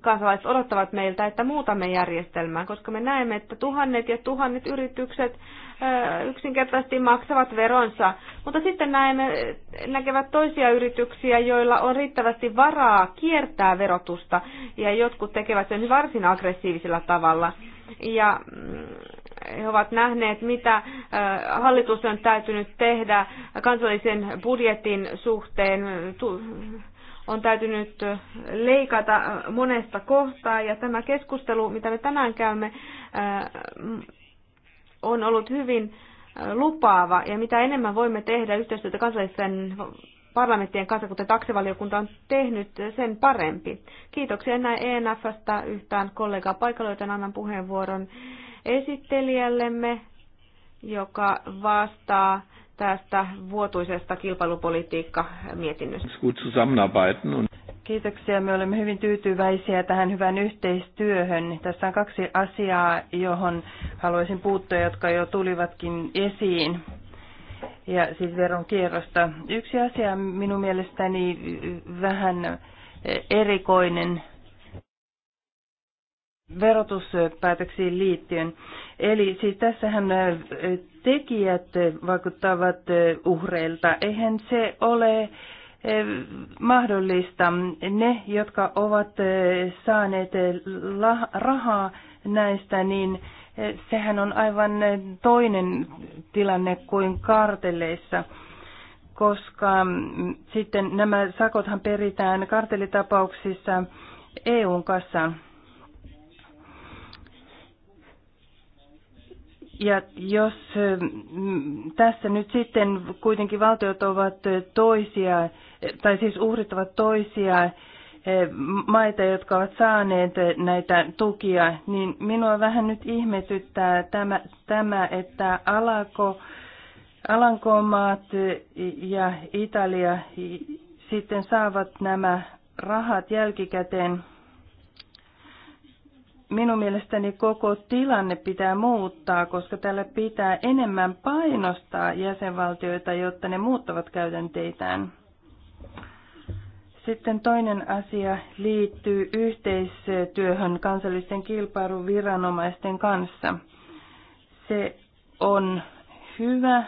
kansalaiset odottavat meiltä, että muutamme järjestelmää, koska me näemme, että tuhannet ja tuhannet yritykset yksinkertaisesti maksavat veronsa, mutta sitten näemme, näkevät toisia yrityksiä, joilla on riittävästi varaa kiertää verotusta, ja jotkut tekevät sen varsin aggressiivisella tavalla. Ja mm, he ovat nähneet, mitä hallitus on täytynyt tehdä kansallisen budjetin suhteen. On täytynyt leikata monesta kohtaa ja tämä keskustelu, mitä me tänään käymme, on ollut hyvin lupaava ja mitä enemmän voimme tehdä yhteistyötä kansallisten parlamenttien kanssa, kuten taksivaliokunta on tehnyt, sen parempi. Kiitoksia enää ENFstä yhtään kollegaa paikalla, joten annan puheenvuoron esittelijällemme, joka vastaa tästä vuotuisesta kilpailupolitiikka-mietinnöstä. Kiitoksia. Me olemme hyvin tyytyväisiä tähän hyvään yhteistyöhön. Tässä on kaksi asiaa, johon haluaisin puuttua, jotka jo tulivatkin esiin. Ja siis kierrosta. Yksi asia minun mielestäni vähän erikoinen verotuspäätöksiin liittyen. Eli siis tässähän tekijät vaikuttavat uhreilta. Eihän se ole mahdollista. Ne, jotka ovat saaneet rahaa näistä, niin sehän on aivan toinen tilanne kuin kartelleissa, koska sitten nämä sakothan peritään kartelitapauksissa EUn kanssa. Ja jos ähm, tässä nyt sitten kuitenkin valtiot ovat toisia, tai siis uhrit ovat toisia äh, maita, jotka ovat saaneet näitä tukia, niin minua vähän nyt ihmetyttää tämä, tämä että alako, Alankomaat ja Italia sitten saavat nämä rahat jälkikäteen minun mielestäni koko tilanne pitää muuttaa, koska tällä pitää enemmän painostaa jäsenvaltioita, jotta ne muuttavat käytänteitään. Sitten toinen asia liittyy yhteistyöhön kansallisten kilpailuviranomaisten kanssa. Se on hyvä,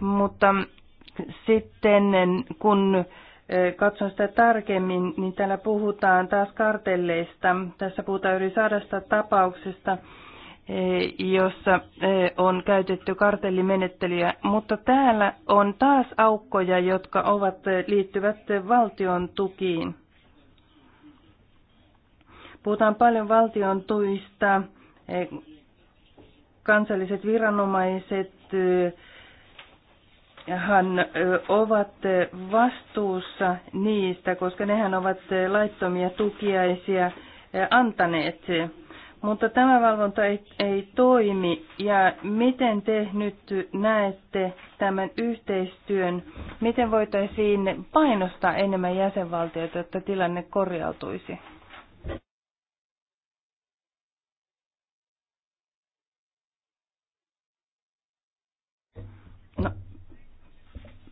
mutta sitten kun katson sitä tarkemmin, niin täällä puhutaan taas kartelleista. Tässä puhutaan yli sadasta tapauksesta, e, jossa e, on käytetty kartellimenettelyä, mutta täällä on taas aukkoja, jotka ovat, e, liittyvät valtion tukiin. Puhutaan paljon valtion tuista, kansalliset viranomaiset, hän ovat vastuussa niistä, koska nehän ovat laittomia tukiaisia antaneet. Mutta tämä valvonta ei, ei toimi. Ja miten te nyt näette tämän yhteistyön? Miten voitaisiin painostaa enemmän jäsenvaltioita, että tilanne korjautuisi?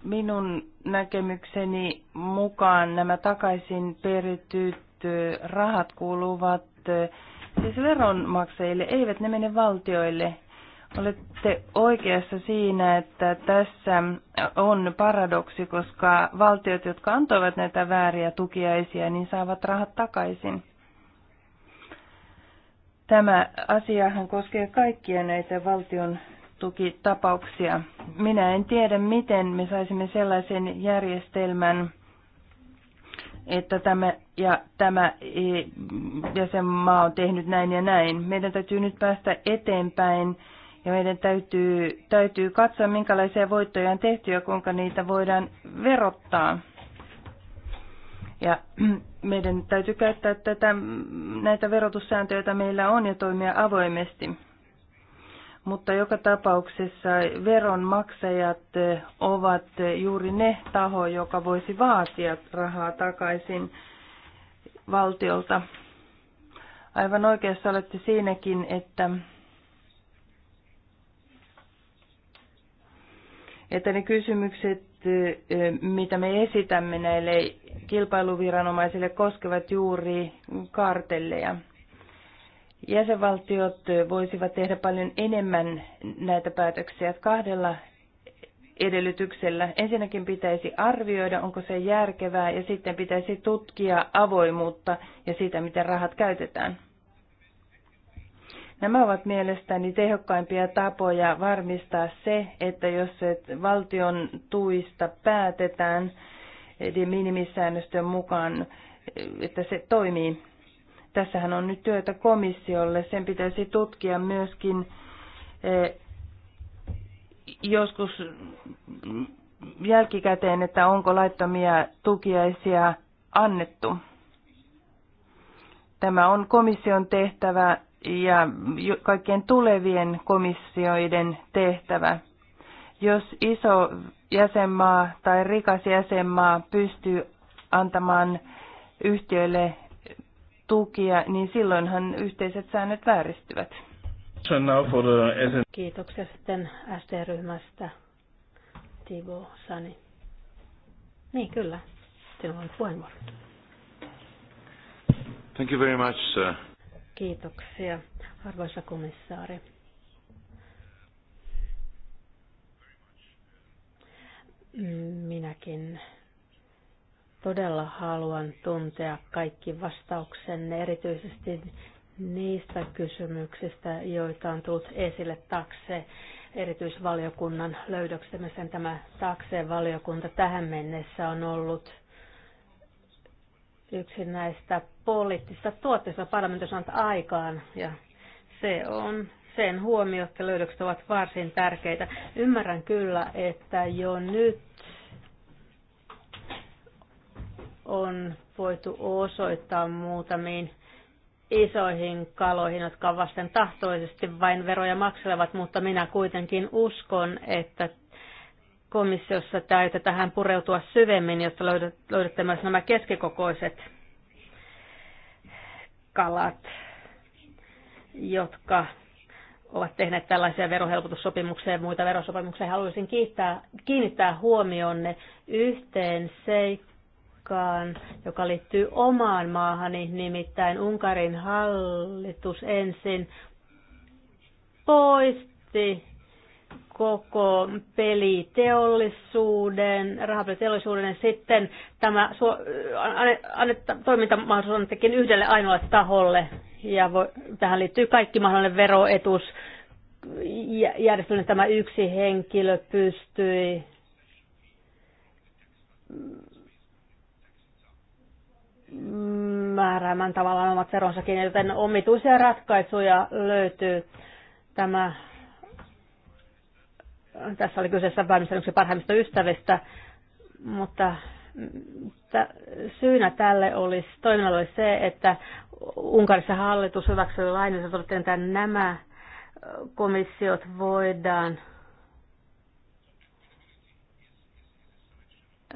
Minun näkemykseni mukaan nämä takaisin perityt rahat kuuluvat siis veronmaksajille, eivät ne mene valtioille. Olette oikeassa siinä, että tässä on paradoksi, koska valtiot, jotka antoivat näitä vääriä tukiaisia, niin saavat rahat takaisin. Tämä asiahan koskee kaikkia näitä valtion tukitapauksia. Minä en tiedä, miten me saisimme sellaisen järjestelmän, että tämä ja tämä e, jäsenmaa on tehnyt näin ja näin. Meidän täytyy nyt päästä eteenpäin ja meidän täytyy, täytyy katsoa, minkälaisia voittoja on tehty ja kuinka niitä voidaan verottaa. Ja meidän täytyy käyttää tätä, näitä verotussääntöjä, joita meillä on, ja toimia avoimesti mutta joka tapauksessa veronmaksajat eh, ovat eh, juuri ne taho, joka voisi vaatia rahaa takaisin valtiolta. Aivan oikeassa olette siinäkin, että, että ne kysymykset, eh, mitä me esitämme näille kilpailuviranomaisille, koskevat juuri kartelleja. Jäsenvaltiot voisivat tehdä paljon enemmän näitä päätöksiä kahdella edellytyksellä. Ensinnäkin pitäisi arvioida, onko se järkevää, ja sitten pitäisi tutkia avoimuutta ja sitä, miten rahat käytetään. Nämä ovat mielestäni tehokkaimpia tapoja varmistaa se, että jos valtion tuista päätetään eli minimissäännöstön mukaan, että se toimii. Tässähän on nyt työtä komissiolle. Sen pitäisi tutkia myöskin eh, joskus jälkikäteen, että onko laittomia tukiaisia annettu. Tämä on komission tehtävä ja kaikkien tulevien komissioiden tehtävä. Jos iso jäsenmaa tai rikas jäsenmaa pystyy antamaan yhtiöille tukia, niin silloinhan yhteiset säännöt vääristyvät. Kiitoksia sitten ST-ryhmästä, Tivo Sani. Niin, kyllä. Sinulla on puheenvuoro. Thank you very much, sir. Kiitoksia, arvoisa komissaari. Minäkin Todella haluan tuntea kaikki vastauksenne, erityisesti niistä kysymyksistä, joita on tullut esille takse erityisvaliokunnan löydöksemisen. tämä takseen valiokunta tähän mennessä on ollut yksi näistä poliittisista tuotteista parlamentissa on aikaan ja se on sen huomiot ja löydökset ovat varsin tärkeitä. Ymmärrän kyllä, että jo nyt on voitu osoittaa muutamiin isoihin kaloihin, jotka vasten tahtoisesti vain veroja makselevat, mutta minä kuitenkin uskon, että komissiossa täytyy tähän pureutua syvemmin, jotta löydätte myös nämä keskikokoiset kalat, jotka ovat tehneet tällaisia verohelpotussopimuksia ja muita verosopimuksia. Haluaisin kiittää, kiinnittää huomionne yhteen seikkaan uhkaan, joka liittyy omaan maahani, nimittäin Unkarin hallitus ensin poisti koko peliteollisuuden, rahapeliteollisuuden ja sitten tämä suo, äh, annetta, toimintamahdollisuus annettiin yhdelle ainoalle taholle ja voi, tähän liittyy kaikki mahdollinen veroetus, järjestelmä tämä yksi henkilö pystyi määräämään tavallaan omat veronsakin, joten omituisia ratkaisuja löytyy. Tämä, tässä oli kyseessä pääministeri yksi parhaimmista ystävistä, mutta mm, syynä tälle olisi, toiminnalle olisi se, että Unkarissa hallitus hyväksyi lain, jossa todettiin, että nämä komissiot voidaan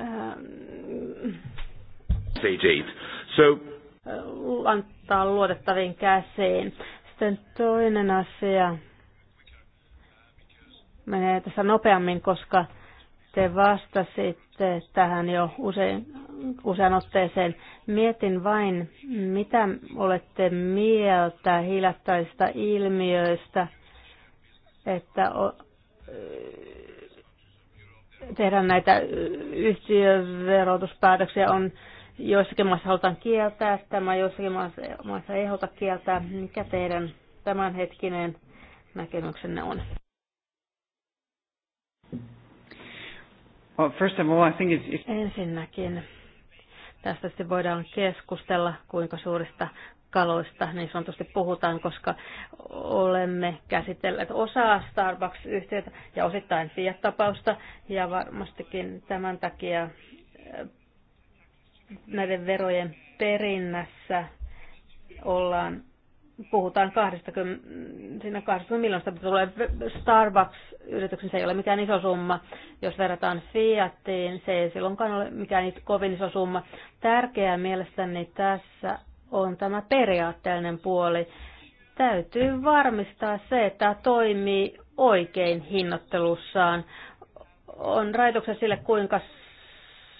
ähm, stage aid. So, antaa luodettaviin käsiin. Sitten toinen asia menee tässä nopeammin, koska te vastasitte tähän jo usein, usean otteeseen. Mietin vain, mitä olette mieltä hiljattaista ilmiöistä, että tehdään näitä yhtiöverotuspäätöksiä on Joissakin maissa halutaan kieltää tämä, joissakin maissa ei haluta kieltää. Mikä teidän tämänhetkinen näkemyksenne on? Well, first of all, I think it's, it's... Ensinnäkin tästä sitten voidaan keskustella, kuinka suurista kaloista niin sanotusti puhutaan, koska olemme käsitelleet osaa Starbucks-yhtiötä ja osittain Fiat-tapausta, ja varmastikin tämän takia näiden verojen perinnässä ollaan puhutaan 20, siinä 20 miljoonasta tulee starbucks yrityksessä ei ole mikään iso summa. Jos verrataan Fiatiin, se ei silloinkaan ole mikään kovin iso summa. Tärkeää mielestäni tässä on tämä periaatteellinen puoli. Täytyy varmistaa se, että tämä toimii oikein hinnoittelussaan. On rajoituksia sille, kuinka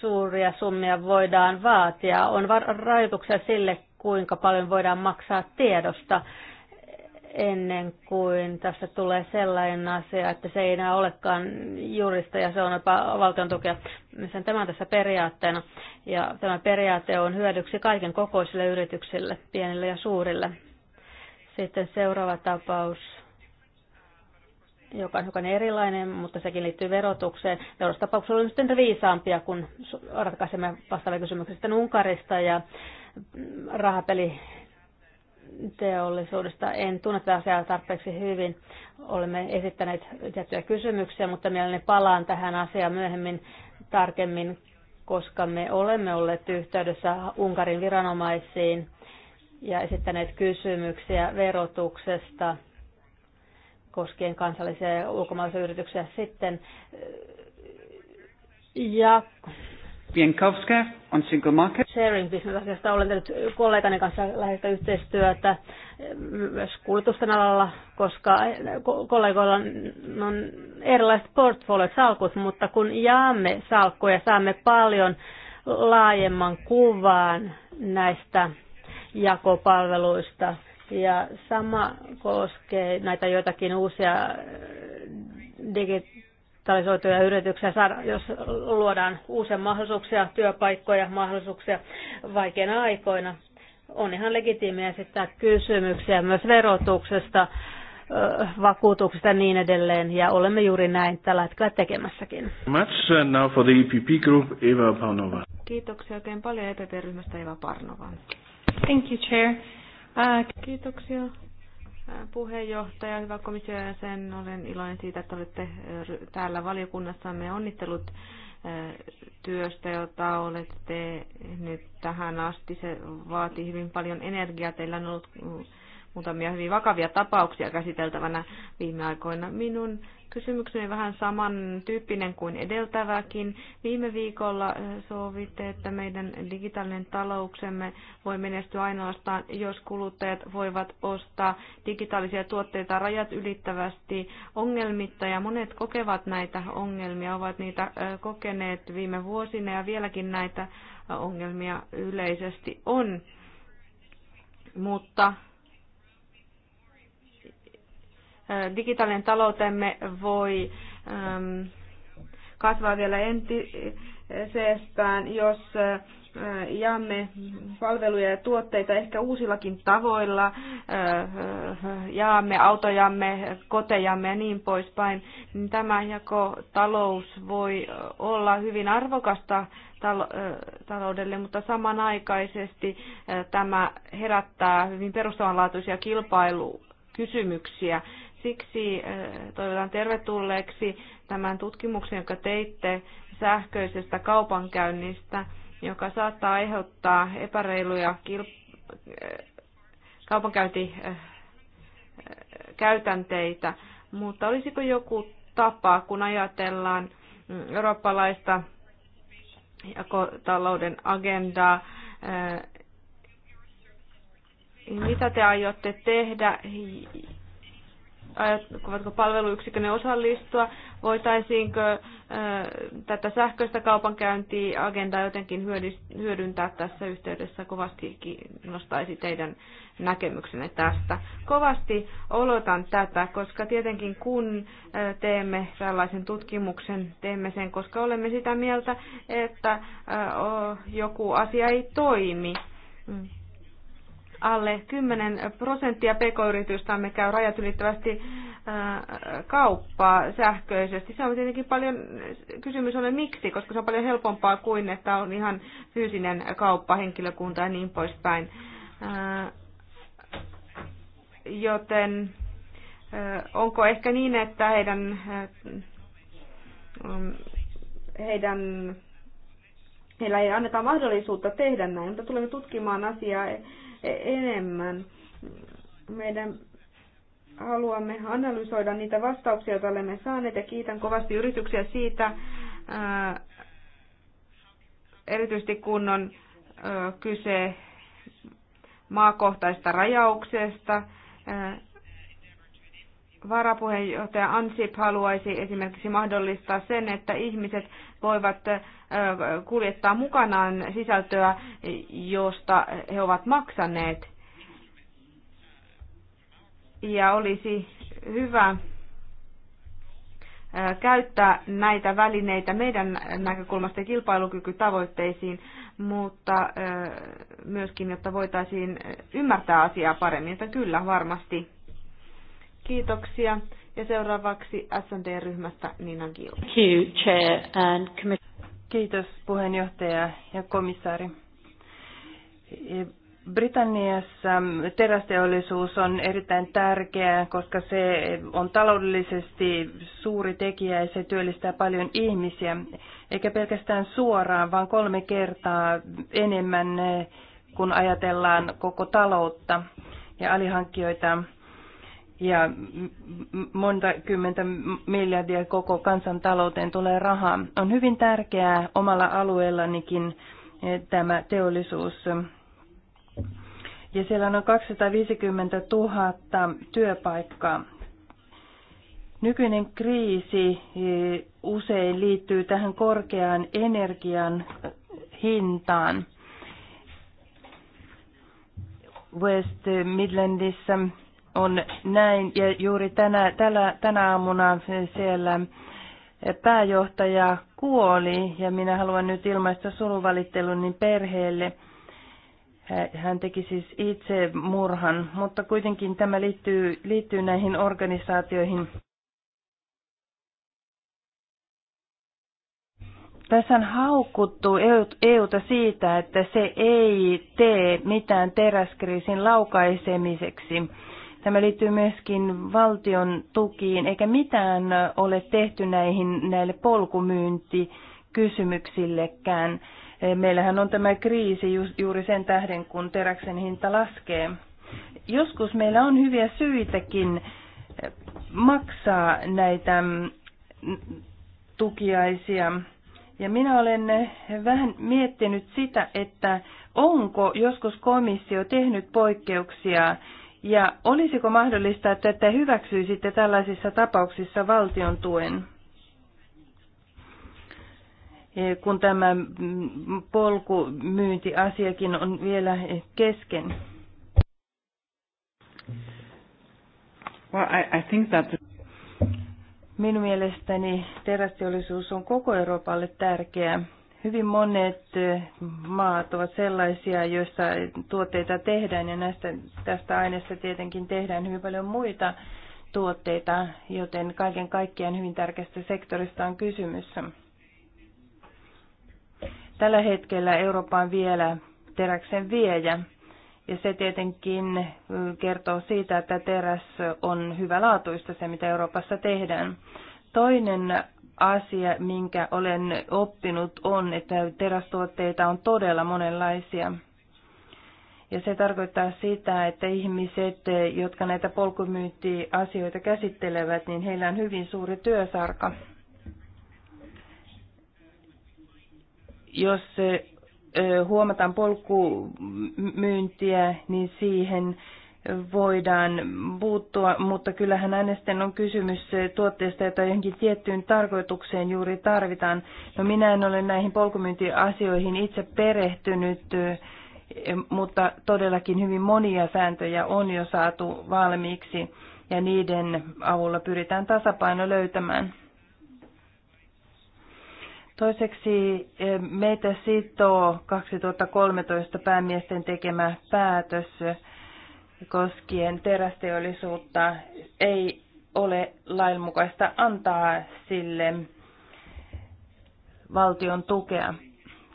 suuria summia voidaan vaatia. On rajoituksia sille, kuinka paljon voidaan maksaa tiedosta ennen kuin tässä tulee sellainen asia, että se ei enää olekaan jurista ja se on jopa valtion tukea. Sen tämä on tässä periaatteena. Ja tämä periaate on hyödyksi kaiken kokoisille yrityksille, pienille ja suurille. Sitten seuraava tapaus joka on hiukan erilainen, mutta sekin liittyy verotukseen. Seuraavassa tapauksessa olemme sitten viisaampia, kun ratkaisemme vastaavia kysymyksiä sitten Unkarista ja rahapeli teollisuudesta. En tunne tätä asiaa tarpeeksi hyvin. Olemme esittäneet tiettyjä kysymyksiä, mutta mielelläni palaan tähän asiaan myöhemmin tarkemmin, koska me olemme olleet yhteydessä Unkarin viranomaisiin ja esittäneet kysymyksiä verotuksesta – koskien kansallisia ja ulkomaalaisia yrityksiä sitten. Ja Pienkowska on single market. Sharing business-asiasta olen tehnyt kollegani kanssa läheistä yhteistyötä eh, myös kulutusten alalla, koska eh, kollegoilla on erilaiset portfolio salkut, mutta kun jaamme salkkuja, saamme paljon laajemman kuvan näistä jakopalveluista ja sama koskee näitä joitakin uusia digitalisoituja yrityksiä, jos luodaan uusia mahdollisuuksia, työpaikkoja, mahdollisuuksia vaikeina aikoina. On ihan legitiimiä esittää kysymyksiä myös verotuksesta, vakuutuksesta ja niin edelleen, ja olemme juuri näin tällä hetkellä tekemässäkin. Uh, now for the EPP group, Eva Parnova. Kiitoksia oikein paljon epp Eva Parnova. Thank you, Chair. Ää, kiitoksia puheenjohtaja, hyvä komissio ja sen olen iloinen siitä, että olette täällä valiokunnassamme onnittelut työstä, jota olette nyt tähän asti. Se vaatii hyvin paljon energiaa. Teillä on ollut mm, muutamia hyvin vakavia tapauksia käsiteltävänä viime aikoina. Minun Kysymykseni vähän samantyyppinen kuin edeltäväkin. Viime viikolla eh, sovitte, että meidän digitaalinen talouksemme voi menestyä ainoastaan, jos kuluttajat voivat ostaa digitaalisia tuotteita rajat ylittävästi ongelmitta. Ja monet kokevat näitä ongelmia, ovat niitä eh, kokeneet viime vuosina ja vieläkin näitä ongelmia yleisesti on. Mutta digitaalinen taloutemme voi kasvaa vielä entisestään, jos jaamme palveluja ja tuotteita ehkä uusillakin tavoilla, jaamme autojamme, kotejamme ja niin poispäin, niin tämä jakotalous voi olla hyvin arvokasta taloudelle, mutta samanaikaisesti tämä herättää hyvin perustavanlaatuisia kilpailukysymyksiä Siksi eh, toivotan tervetulleeksi tämän tutkimuksen, jonka teitte sähköisestä kaupankäynnistä, joka saattaa aiheuttaa epäreiluja kilp- eh, kaupankäyntikäytänteitä. Mutta olisiko joku tapa, kun ajatellaan eurooppalaista jakotalouden agendaa, eh, niin mitä te aiotte tehdä, ajatkovatko palveluyksikön osallistua, voitaisiinko tätä sähköistä kaupankäynti-agendaa jotenkin hyödyntää tässä yhteydessä, kovasti nostaisi teidän näkemyksenne tästä. Kovasti olotan tätä, koska tietenkin kun teemme tällaisen tutkimuksen, teemme sen, koska olemme sitä mieltä, että joku asia ei toimi. Mm alle 10 prosenttia pk-yritystämme käy rajat ylittävästi äh, kauppaa sähköisesti. Se on tietenkin paljon, kysymys on, miksi, koska se on paljon helpompaa kuin, että on ihan fyysinen kauppa, henkilökunta ja niin poispäin. Äh, joten äh, onko ehkä niin, että heidän, mm, heidän heillä ei anneta mahdollisuutta tehdä näin, mutta tulemme tutkimaan asiaa enemmän. Meidän haluamme analysoida niitä vastauksia, joita olemme saaneet, ja kiitän kovasti yrityksiä siitä, erityisesti kun on kyse maakohtaista rajauksesta, varapuheenjohtaja Ansip haluaisi esimerkiksi mahdollistaa sen, että ihmiset voivat kuljettaa mukanaan sisältöä, josta he ovat maksaneet. Ja olisi hyvä käyttää näitä välineitä meidän näkökulmasta kilpailukykytavoitteisiin, mutta myöskin, jotta voitaisiin ymmärtää asiaa paremmin, että kyllä varmasti Kiitoksia. Ja seuraavaksi sd ryhmästä Nina Gill. Kiitos puheenjohtaja ja komissaari. Britanniassa terästeollisuus on erittäin tärkeää, koska se on taloudellisesti suuri tekijä ja se työllistää paljon ihmisiä, eikä pelkästään suoraan, vaan kolme kertaa enemmän, eh, kun ajatellaan koko taloutta ja alihankkijoita ja monta kymmentä miljardia koko kansantalouteen tulee rahaa. On hyvin tärkeää omalla alueellanikin eh, tämä teollisuus. Ja siellä on noin 250 000 työpaikkaa. Nykyinen kriisi eh, usein liittyy tähän korkeaan energian eh, hintaan. West Midlandissa on näin. Ja juuri tänä, tällä, tänä aamuna siellä pääjohtaja kuoli ja minä haluan nyt ilmaista suruvalitteluni niin perheelle. Hän teki siis itse murhan, mutta kuitenkin tämä liittyy, liittyy näihin organisaatioihin. Tässä on haukuttu EUta siitä, että se ei tee mitään teräskriisin laukaisemiseksi Tämä liittyy myöskin valtion tukiin, eikä mitään ole tehty näihin näille polkumyyntikysymyksillekään. Meillähän on tämä kriisi juuri sen tähden, kun teräksen hinta laskee. Joskus meillä on hyviä syitäkin eh, maksaa näitä mm, tukiaisia. Ja minä olen eh, vähän miettinyt sitä, että onko joskus komissio tehnyt poikkeuksia ja olisiko mahdollista, että te hyväksyisitte tällaisissa tapauksissa valtion tuen? kun tämä polkumyyntiasiakin on vielä kesken. Well, I, I think that... Minun mielestäni terästeollisuus on koko Euroopalle tärkeä. Hyvin monet eh, maat ovat sellaisia, joissa tuotteita tehdään ja näistä, tästä aineesta tietenkin tehdään hyvin paljon muita tuotteita, joten kaiken kaikkiaan hyvin tärkeästä sektorista on kysymys. Tällä hetkellä Eurooppa on vielä teräksen viejä ja se tietenkin eh, kertoo siitä, että teräs on hyvälaatuista se, mitä Euroopassa tehdään. Toinen asia, minkä olen oppinut, on, että terästuotteita on todella monenlaisia. Ja se tarkoittaa sitä, että ihmiset, jotka näitä polkumyyntiasioita käsittelevät, niin heillä on hyvin suuri työsarka. Jos huomataan polkumyyntiä, niin siihen voidaan puuttua, mutta kyllähän aina sitten on kysymys tuotteesta, jota johonkin tiettyyn tarkoitukseen juuri tarvitaan. No minä en ole näihin polkumyyntiasioihin itse perehtynyt, mutta todellakin hyvin monia sääntöjä on jo saatu valmiiksi ja niiden avulla pyritään tasapaino löytämään. Toiseksi eh, meitä sitoo 2013 päämiesten tekemä päätös koskien terästeollisuutta ei ole lainmukaista antaa sille valtion tukea.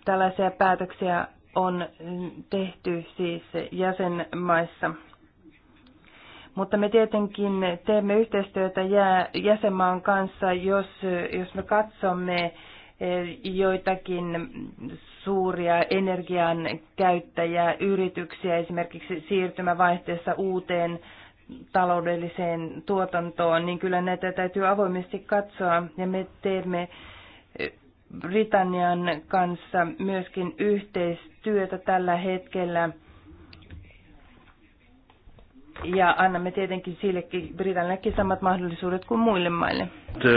Tällaisia päätöksiä on tehty siis jäsenmaissa. Mutta me tietenkin teemme yhteistyötä jäsenmaan kanssa, jos, jos me katsomme joitakin suuria energian käyttäjiä, yrityksiä esimerkiksi siirtymävaihteessa uuteen taloudelliseen tuotantoon, niin kyllä näitä täytyy avoimesti katsoa. Ja me teemme eh, Britannian kanssa myöskin yhteistyötä tällä hetkellä ja annamme tietenkin sillekin Britannillekin samat mahdollisuudet kuin muille maille.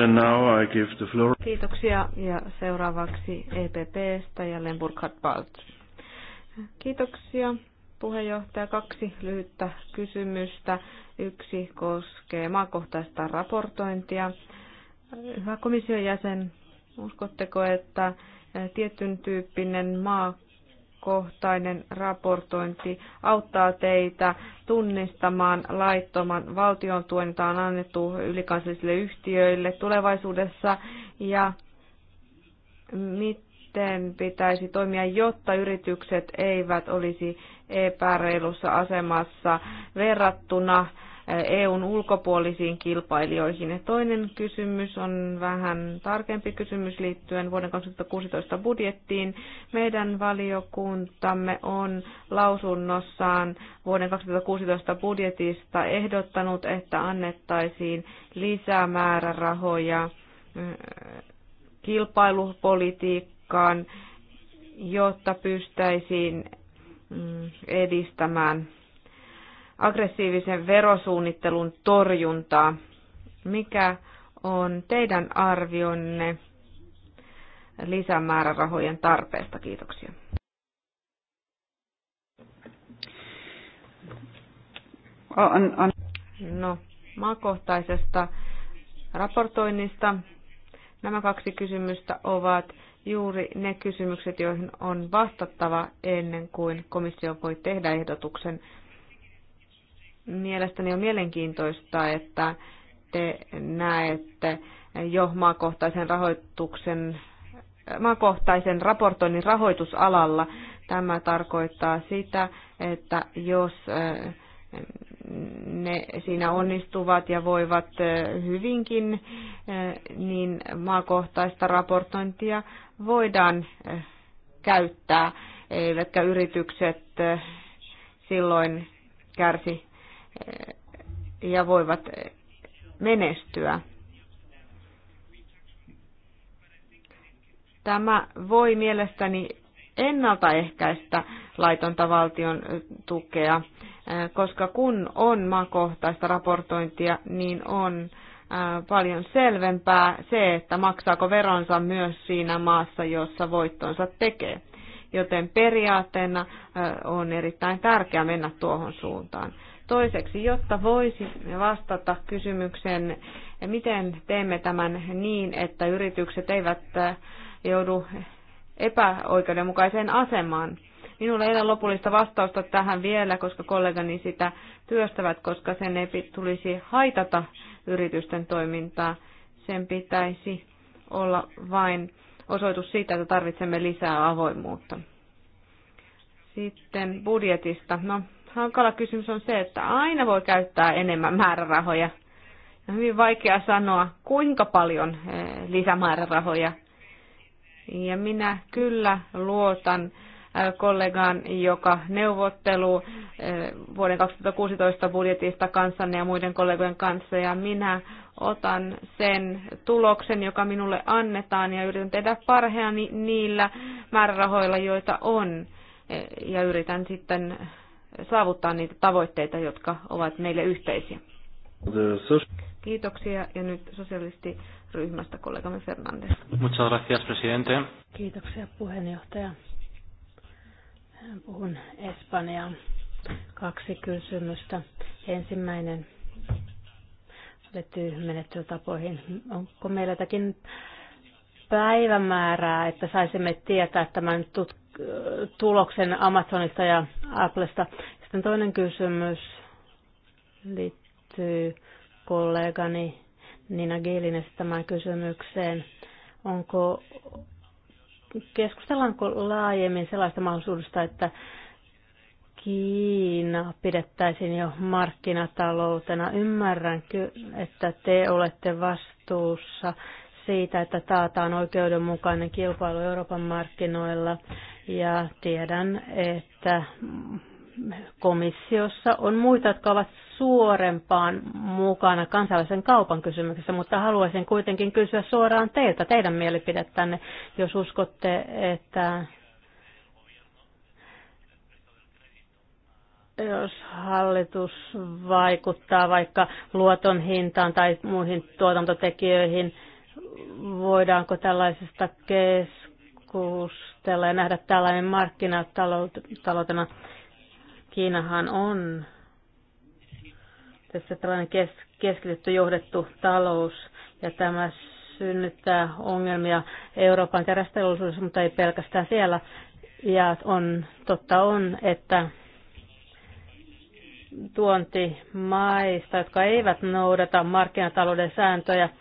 Now I give the floor. Kiitoksia ja seuraavaksi EPPstä ja Lemburghard Balt. Kiitoksia puheenjohtaja. Kaksi lyhyttä kysymystä. Yksi koskee maakohtaista raportointia. Hyvä komission jäsen, uskotteko, että tietyn tyyppinen maa kohtainen raportointi auttaa teitä tunnistamaan laittoman valtion tuen, jota on annettu ylikansallisille yhtiöille tulevaisuudessa ja miten pitäisi toimia, jotta yritykset eivät olisi epäreilussa asemassa verrattuna EUn ulkopuolisiin kilpailijoihin. Ja toinen kysymys on vähän tarkempi kysymys liittyen vuoden 2016 budjettiin. Meidän valiokuntamme on lausunnossaan vuoden 2016 budjetista ehdottanut, että annettaisiin lisää määrärahoja mm, kilpailupolitiikkaan, jotta pystäisiin mm, edistämään aggressiivisen verosuunnittelun torjuntaa. Mikä on teidän arvionne lisämäärärahojen tarpeesta? Kiitoksia. Oh, no, maakohtaisesta raportoinnista. Nämä kaksi kysymystä ovat juuri ne kysymykset, joihin on vastattava ennen kuin komissio voi tehdä ehdotuksen Mielestäni on mielenkiintoista, että te näette jo maakohtaisen rahoituksen maakohtaisen raportoinnin rahoitusalalla. Tämä tarkoittaa sitä, että jos ne siinä onnistuvat ja voivat hyvinkin, niin maakohtaista raportointia voidaan käyttää, eivätkä yritykset silloin kärsi ja voivat menestyä. Tämä voi mielestäni ennaltaehkäistä laitonta valtion tukea, koska kun on maakohtaista raportointia, niin on paljon selvempää se, että maksaako veronsa myös siinä maassa, jossa voittonsa tekee. Joten periaatteena on erittäin tärkeää mennä tuohon suuntaan. Toiseksi, jotta voisimme vastata kysymykseen, miten teemme tämän niin, että yritykset eivät äh, joudu epäoikeudenmukaiseen asemaan. Minulla ei ole lopullista vastausta tähän vielä, koska kollegani sitä työstävät, koska sen ei tulisi haitata yritysten toimintaa. Sen pitäisi olla vain osoitus siitä, että tarvitsemme lisää avoimuutta. Sitten budjetista. No, hankala kysymys on se, että aina voi käyttää enemmän määrärahoja. On hyvin vaikea sanoa, kuinka paljon eh, lisämäärärahoja. Ja minä kyllä luotan eh, kollegaan, joka neuvottelu eh, vuoden 2016 budjetista kanssanne ja muiden kollegojen kanssa. Ja minä otan sen tuloksen, joka minulle annetaan ja yritän tehdä parheani niillä määrärahoilla, joita on. Ja yritän sitten saavuttaa niitä tavoitteita, jotka ovat meille yhteisiä. Kiitoksia ja nyt sosialistiryhmästä kollegamme Fernandes. Muchas gracias, presidente. Kiitoksia puheenjohtaja. Puhun Espanjaa. Kaksi kysymystä. Ensimmäinen liittyy menettelytapoihin. Onko meillä jotakin päivämäärää, että saisimme tietää tämän tut- tuloksen Amazonista ja Applesta. Sitten toinen kysymys liittyy kollegani Nina Geelin tämän kysymykseen. Onko, keskustellaanko laajemmin sellaista mahdollisuudesta, että Kiina pidettäisiin jo markkinataloutena. Ymmärrän, että te olette vastuussa siitä, että taataan oikeudenmukainen kilpailu Euroopan markkinoilla ja tiedän, että komissiossa on muita, jotka ovat suorempaan mukana kansainvälisen kaupan kysymyksessä, mutta haluaisin kuitenkin kysyä suoraan teiltä, teidän mielipidettänne, jos uskotte, että jos hallitus vaikuttaa vaikka luoton hintaan tai muihin tuotantotekijöihin, voidaanko tällaisesta kes keskustella ja nähdä tällainen markkinataloutena. Kiinahan on tässä tällainen kes, keskitetty johdettu talous ja tämä synnyttää ongelmia Euroopan terästeollisuudessa, mutta ei pelkästään siellä. Ja on, totta on, että tuontimaista, jotka eivät noudata markkinatalouden sääntöjä –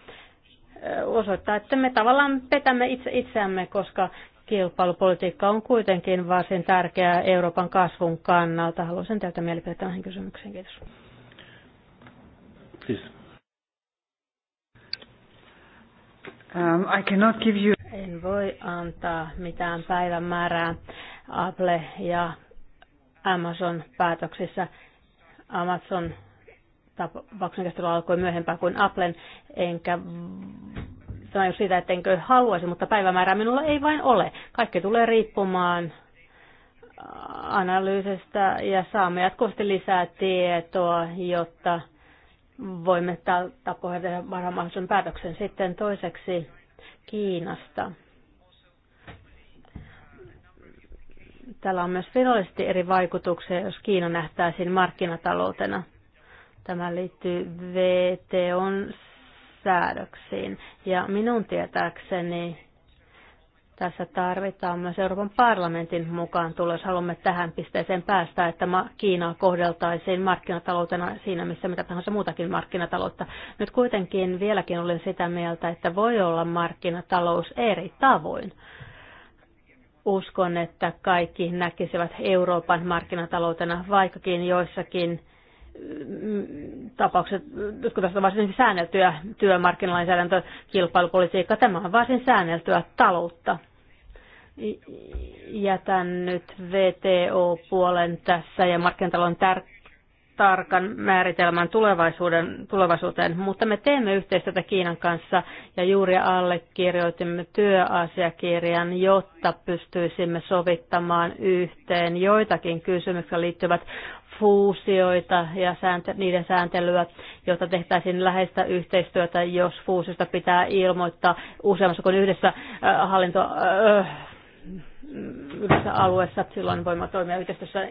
osoittaa, että me tavallaan petämme itse itseämme, koska kilpailupolitiikka on kuitenkin varsin tärkeää Euroopan kasvun kannalta. Haluaisin teiltä mielipiteitä tähän kysymykseen. Kiitos. Um, I cannot give you... En voi antaa mitään päivämäärää Apple ja Amazon päätöksissä. Amazon tapauksen käsittely alkoi myöhempään kuin Applen, enkä sano sitä, ettenkö haluaisi, mutta päivämäärää minulla ei vain ole. Kaikki tulee riippumaan äh, analyysistä ja saamme jatkuvasti lisää tietoa, jotta voimme tältä pohjalta tehdä parhaan mahdollisen päätöksen. Sitten toiseksi Kiinasta. Tällä on myös virallisesti eri vaikutuksia, jos Kiina nähtäisiin markkinataloutena. Tämä liittyy VTOn säädöksiin. Ja minun tietääkseni tässä tarvitaan myös Euroopan parlamentin mukaan tulla, jos haluamme tähän pisteeseen päästä, että Kiinaa kohdeltaisiin markkinataloutena siinä, missä mitä tahansa muutakin markkinataloutta. Nyt kuitenkin vieläkin olen sitä mieltä, että voi olla markkinatalous eri tavoin. Uskon, että kaikki näkisivät Euroopan markkinataloutena, vaikkakin joissakin Mm, tapaukset, jotka tästä on varsin säänneltyä työmarkkinalainsäädäntö, kilpailupolitiikka, tämä on varsin säänneltyä taloutta. Jätän nyt VTO-puolen tässä ja markkinatalon tär- tarkan määritelmän tulevaisuuden, tulevaisuuteen, mutta me teemme yhteistyötä Kiinan kanssa ja juuri allekirjoitimme työasiakirjan, jotta pystyisimme sovittamaan yhteen joitakin kysymyksiä liittyvät fuusioita ja sääntö, niiden sääntelyä, jotta tehtäisiin läheistä yhteistyötä, jos fuusiosta pitää ilmoittaa useammassa kuin yhdessä äh, hallinto, äh, yhdessä alueessa. Silloin voimme toimia yhteistyössä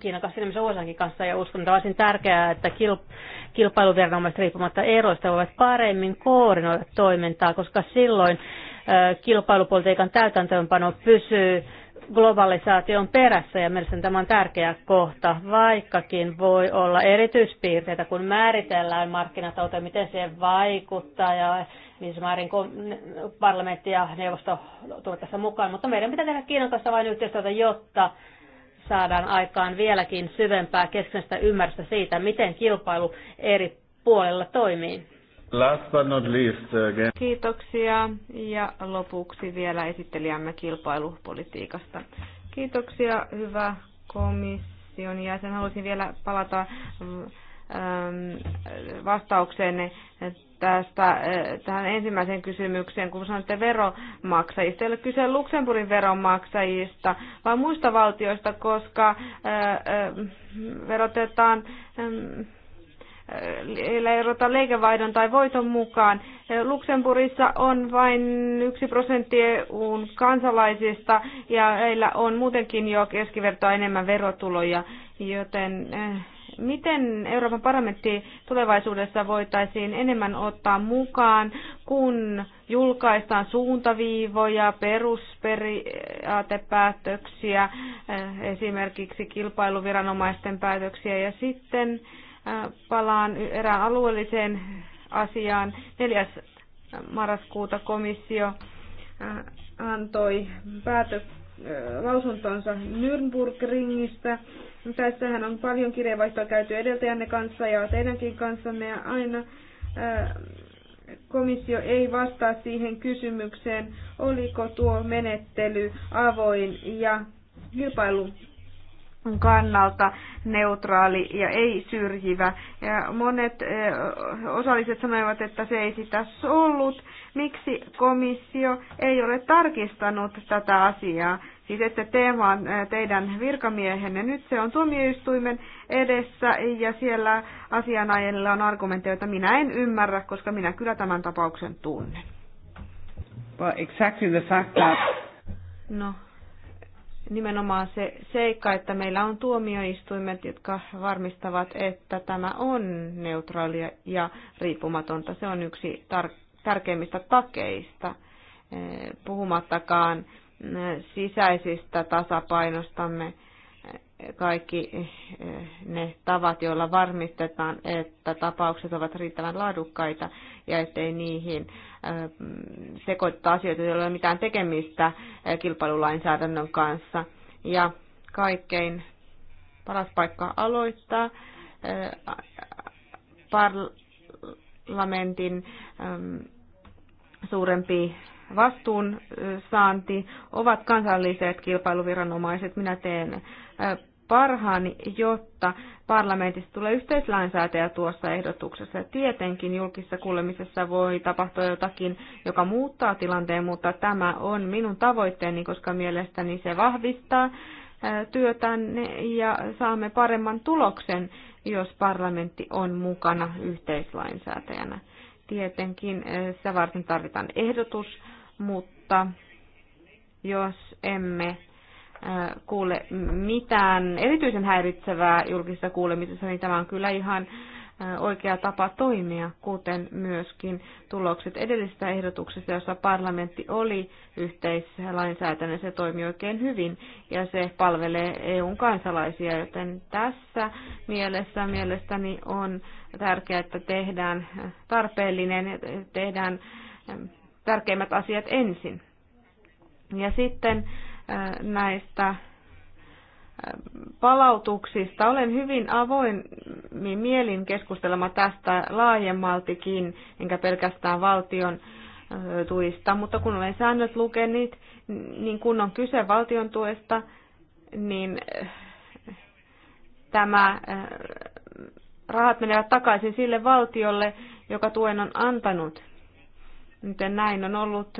Kiinan kanssa, nimessä USAkin kanssa. Ja uskon, että on varsin tärkeää, että kilpailuviranomaiset riippumatta eroista voivat paremmin koordinoida toimintaa, koska silloin äh, kilpailupolitiikan täytäntöönpano pysyy globalisaation perässä ja mielestäni tämä on tärkeä kohta, vaikkakin voi olla erityispiirteitä, kun määritellään markkinatauta, miten se vaikuttaa ja missä määrin parlamentti ja neuvosto tulevat tässä mukaan. Mutta meidän pitää tehdä Kiinan kanssa vain yhteistyötä, jotta saadaan aikaan vieläkin syvempää keskeistä ymmärrystä siitä, miten kilpailu eri puolella toimii. Last but not least uh, again. Kiitoksia ja lopuksi vielä esittelijämme kilpailupolitiikasta. Kiitoksia, hyvä komission jäsen. Haluaisin vielä palata mm, ähm, vastaukseen tästä, äh, tähän ensimmäiseen kysymykseen, kun sanotte veromaksajista. Ei ole kyse Luxemburgin veronmaksajista, vaan muista valtioista, koska äh, äh, verotetaan ähm, erota liikevaihdon tai voiton mukaan. Luxemburgissa on vain yksi prosentti EUn kansalaisista ja heillä on muutenkin jo keskivertoa enemmän verotuloja, joten eh, miten Euroopan parlamentti tulevaisuudessa voitaisiin enemmän ottaa mukaan, kun julkaistaan suuntaviivoja, perusperiaatepäätöksiä, eh, esimerkiksi kilpailuviranomaisten päätöksiä ja sitten Palaan erään alueelliseen asiaan. 4. marraskuuta komissio antoi päätö, lausuntonsa Nürnberg-ringistä. Tässähän on paljon kirjeenvaihtoa käyty edeltäjänne kanssa ja teidänkin kanssanne ja aina komissio ei vastaa siihen kysymykseen, oliko tuo menettely avoin ja kilpailu kannalta neutraali ja ei syrjivä. Ja monet eh, osalliset sanoivat, että se ei sitä ollut. Miksi komissio ei ole tarkistanut tätä asiaa? Siis että teema on eh, teidän virkamiehenne. Nyt se on tuomioistuimen edessä ja siellä asianajilla on argumentteja, joita minä en ymmärrä, koska minä kyllä tämän tapauksen tunnen. Well, exactly the fact that... No, nimenomaan se seikka, että meillä on tuomioistuimet, jotka varmistavat, että tämä on neutraalia ja riippumatonta. Se on yksi tar- tärkeimmistä takeista, eh, puhumattakaan eh, sisäisistä tasapainostamme eh, kaikki ne tavat, joilla varmistetaan, että tapaukset ovat riittävän laadukkaita ja ettei niihin äh, sekoittaa asioita, joilla ei ole mitään tekemistä äh, kilpailulainsäädännön kanssa. Ja kaikkein paras paikka aloittaa äh, parlamentin ähm, suurempi vastuun saanti ovat kansalliset kilpailuviranomaiset. Minä teen parhaani, jotta parlamentista tulee yhteislainsäätäjä tuossa ehdotuksessa. Ja tietenkin julkisessa kuulemisessa voi tapahtua jotakin, joka muuttaa tilanteen, mutta tämä on minun tavoitteeni, koska mielestäni se vahvistaa työtänne ja saamme paremman tuloksen, jos parlamentti on mukana yhteislainsäätäjänä. Tietenkin se varten tarvitaan ehdotus, mutta jos emme Äh, kuule mitään erityisen häiritsevää julkisessa kuulemisessa, niin tämä on kyllä ihan äh, oikea tapa toimia, kuten myöskin tulokset edellisestä ehdotuksesta, jossa parlamentti oli yhteislainsäätännön, se toimi oikein hyvin ja se palvelee EUn kansalaisia, joten tässä mielessä mielestäni on tärkeää, että tehdään tarpeellinen, tehdään äh, tärkeimmät asiat ensin. Ja sitten näistä palautuksista. Olen hyvin avoin mielin keskustelema tästä laajemmaltikin, enkä pelkästään valtion tuista, mutta kun olen säännöt lukenut, niin kun on kyse valtion tuesta, niin tämä rahat menevät takaisin sille valtiolle, joka tuen on antanut. Miten näin on ollut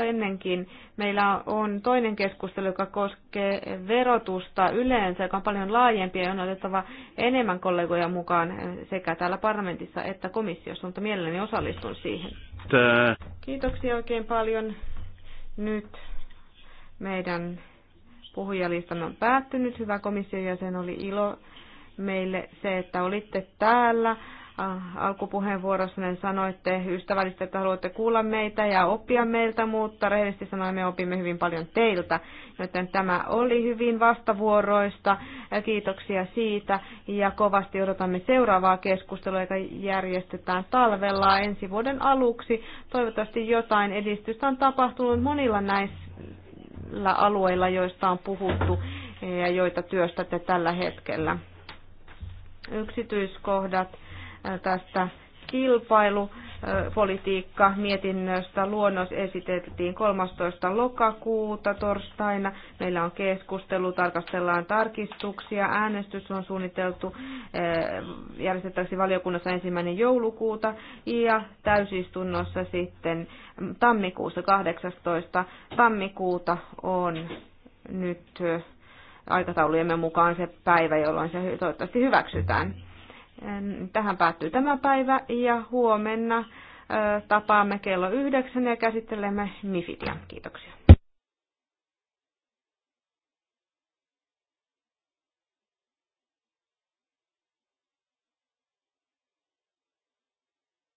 ennenkin. Meillä on toinen keskustelu, joka koskee verotusta yleensä, joka on paljon laajempi ja on otettava enemmän kollegoja mukaan sekä täällä parlamentissa että komissiossa, mutta mielelläni osallistun siihen. Tää. Kiitoksia oikein paljon. Nyt meidän puhujalistamme on päättynyt. Hyvä komission jäsen, oli ilo meille se, että olitte täällä. Ah, alkupuheenvuorossanne sanoitte ystävällisesti, että haluatte kuulla meitä ja oppia meiltä, mutta rehellisesti sanoen me opimme hyvin paljon teiltä. Joten tämä oli hyvin vastavuoroista. Kiitoksia siitä ja kovasti odotamme seuraavaa keskustelua, joka järjestetään talvella ensi vuoden aluksi. Toivottavasti jotain edistystä on tapahtunut monilla näillä alueilla, joista on puhuttu ja joita työstätte tällä hetkellä. Yksityiskohdat Äh, tästä kilpailupolitiikka äh, mietinnöstä. Luonnos esitettiin 13. lokakuuta torstaina. Meillä on keskustelu, tarkastellaan tarkistuksia. Äänestys on suunniteltu äh, järjestettäväksi valiokunnassa ensimmäinen joulukuuta ja täysistunnossa sitten tammikuussa 18. tammikuuta on nyt aikataulujemme mukaan se päivä, jolloin se toivottavasti hyväksytään. Tähän päättyy tämä päivä ja huomenna tapaamme kello yhdeksän ja käsittelemme Mifidia. Kiitoksia.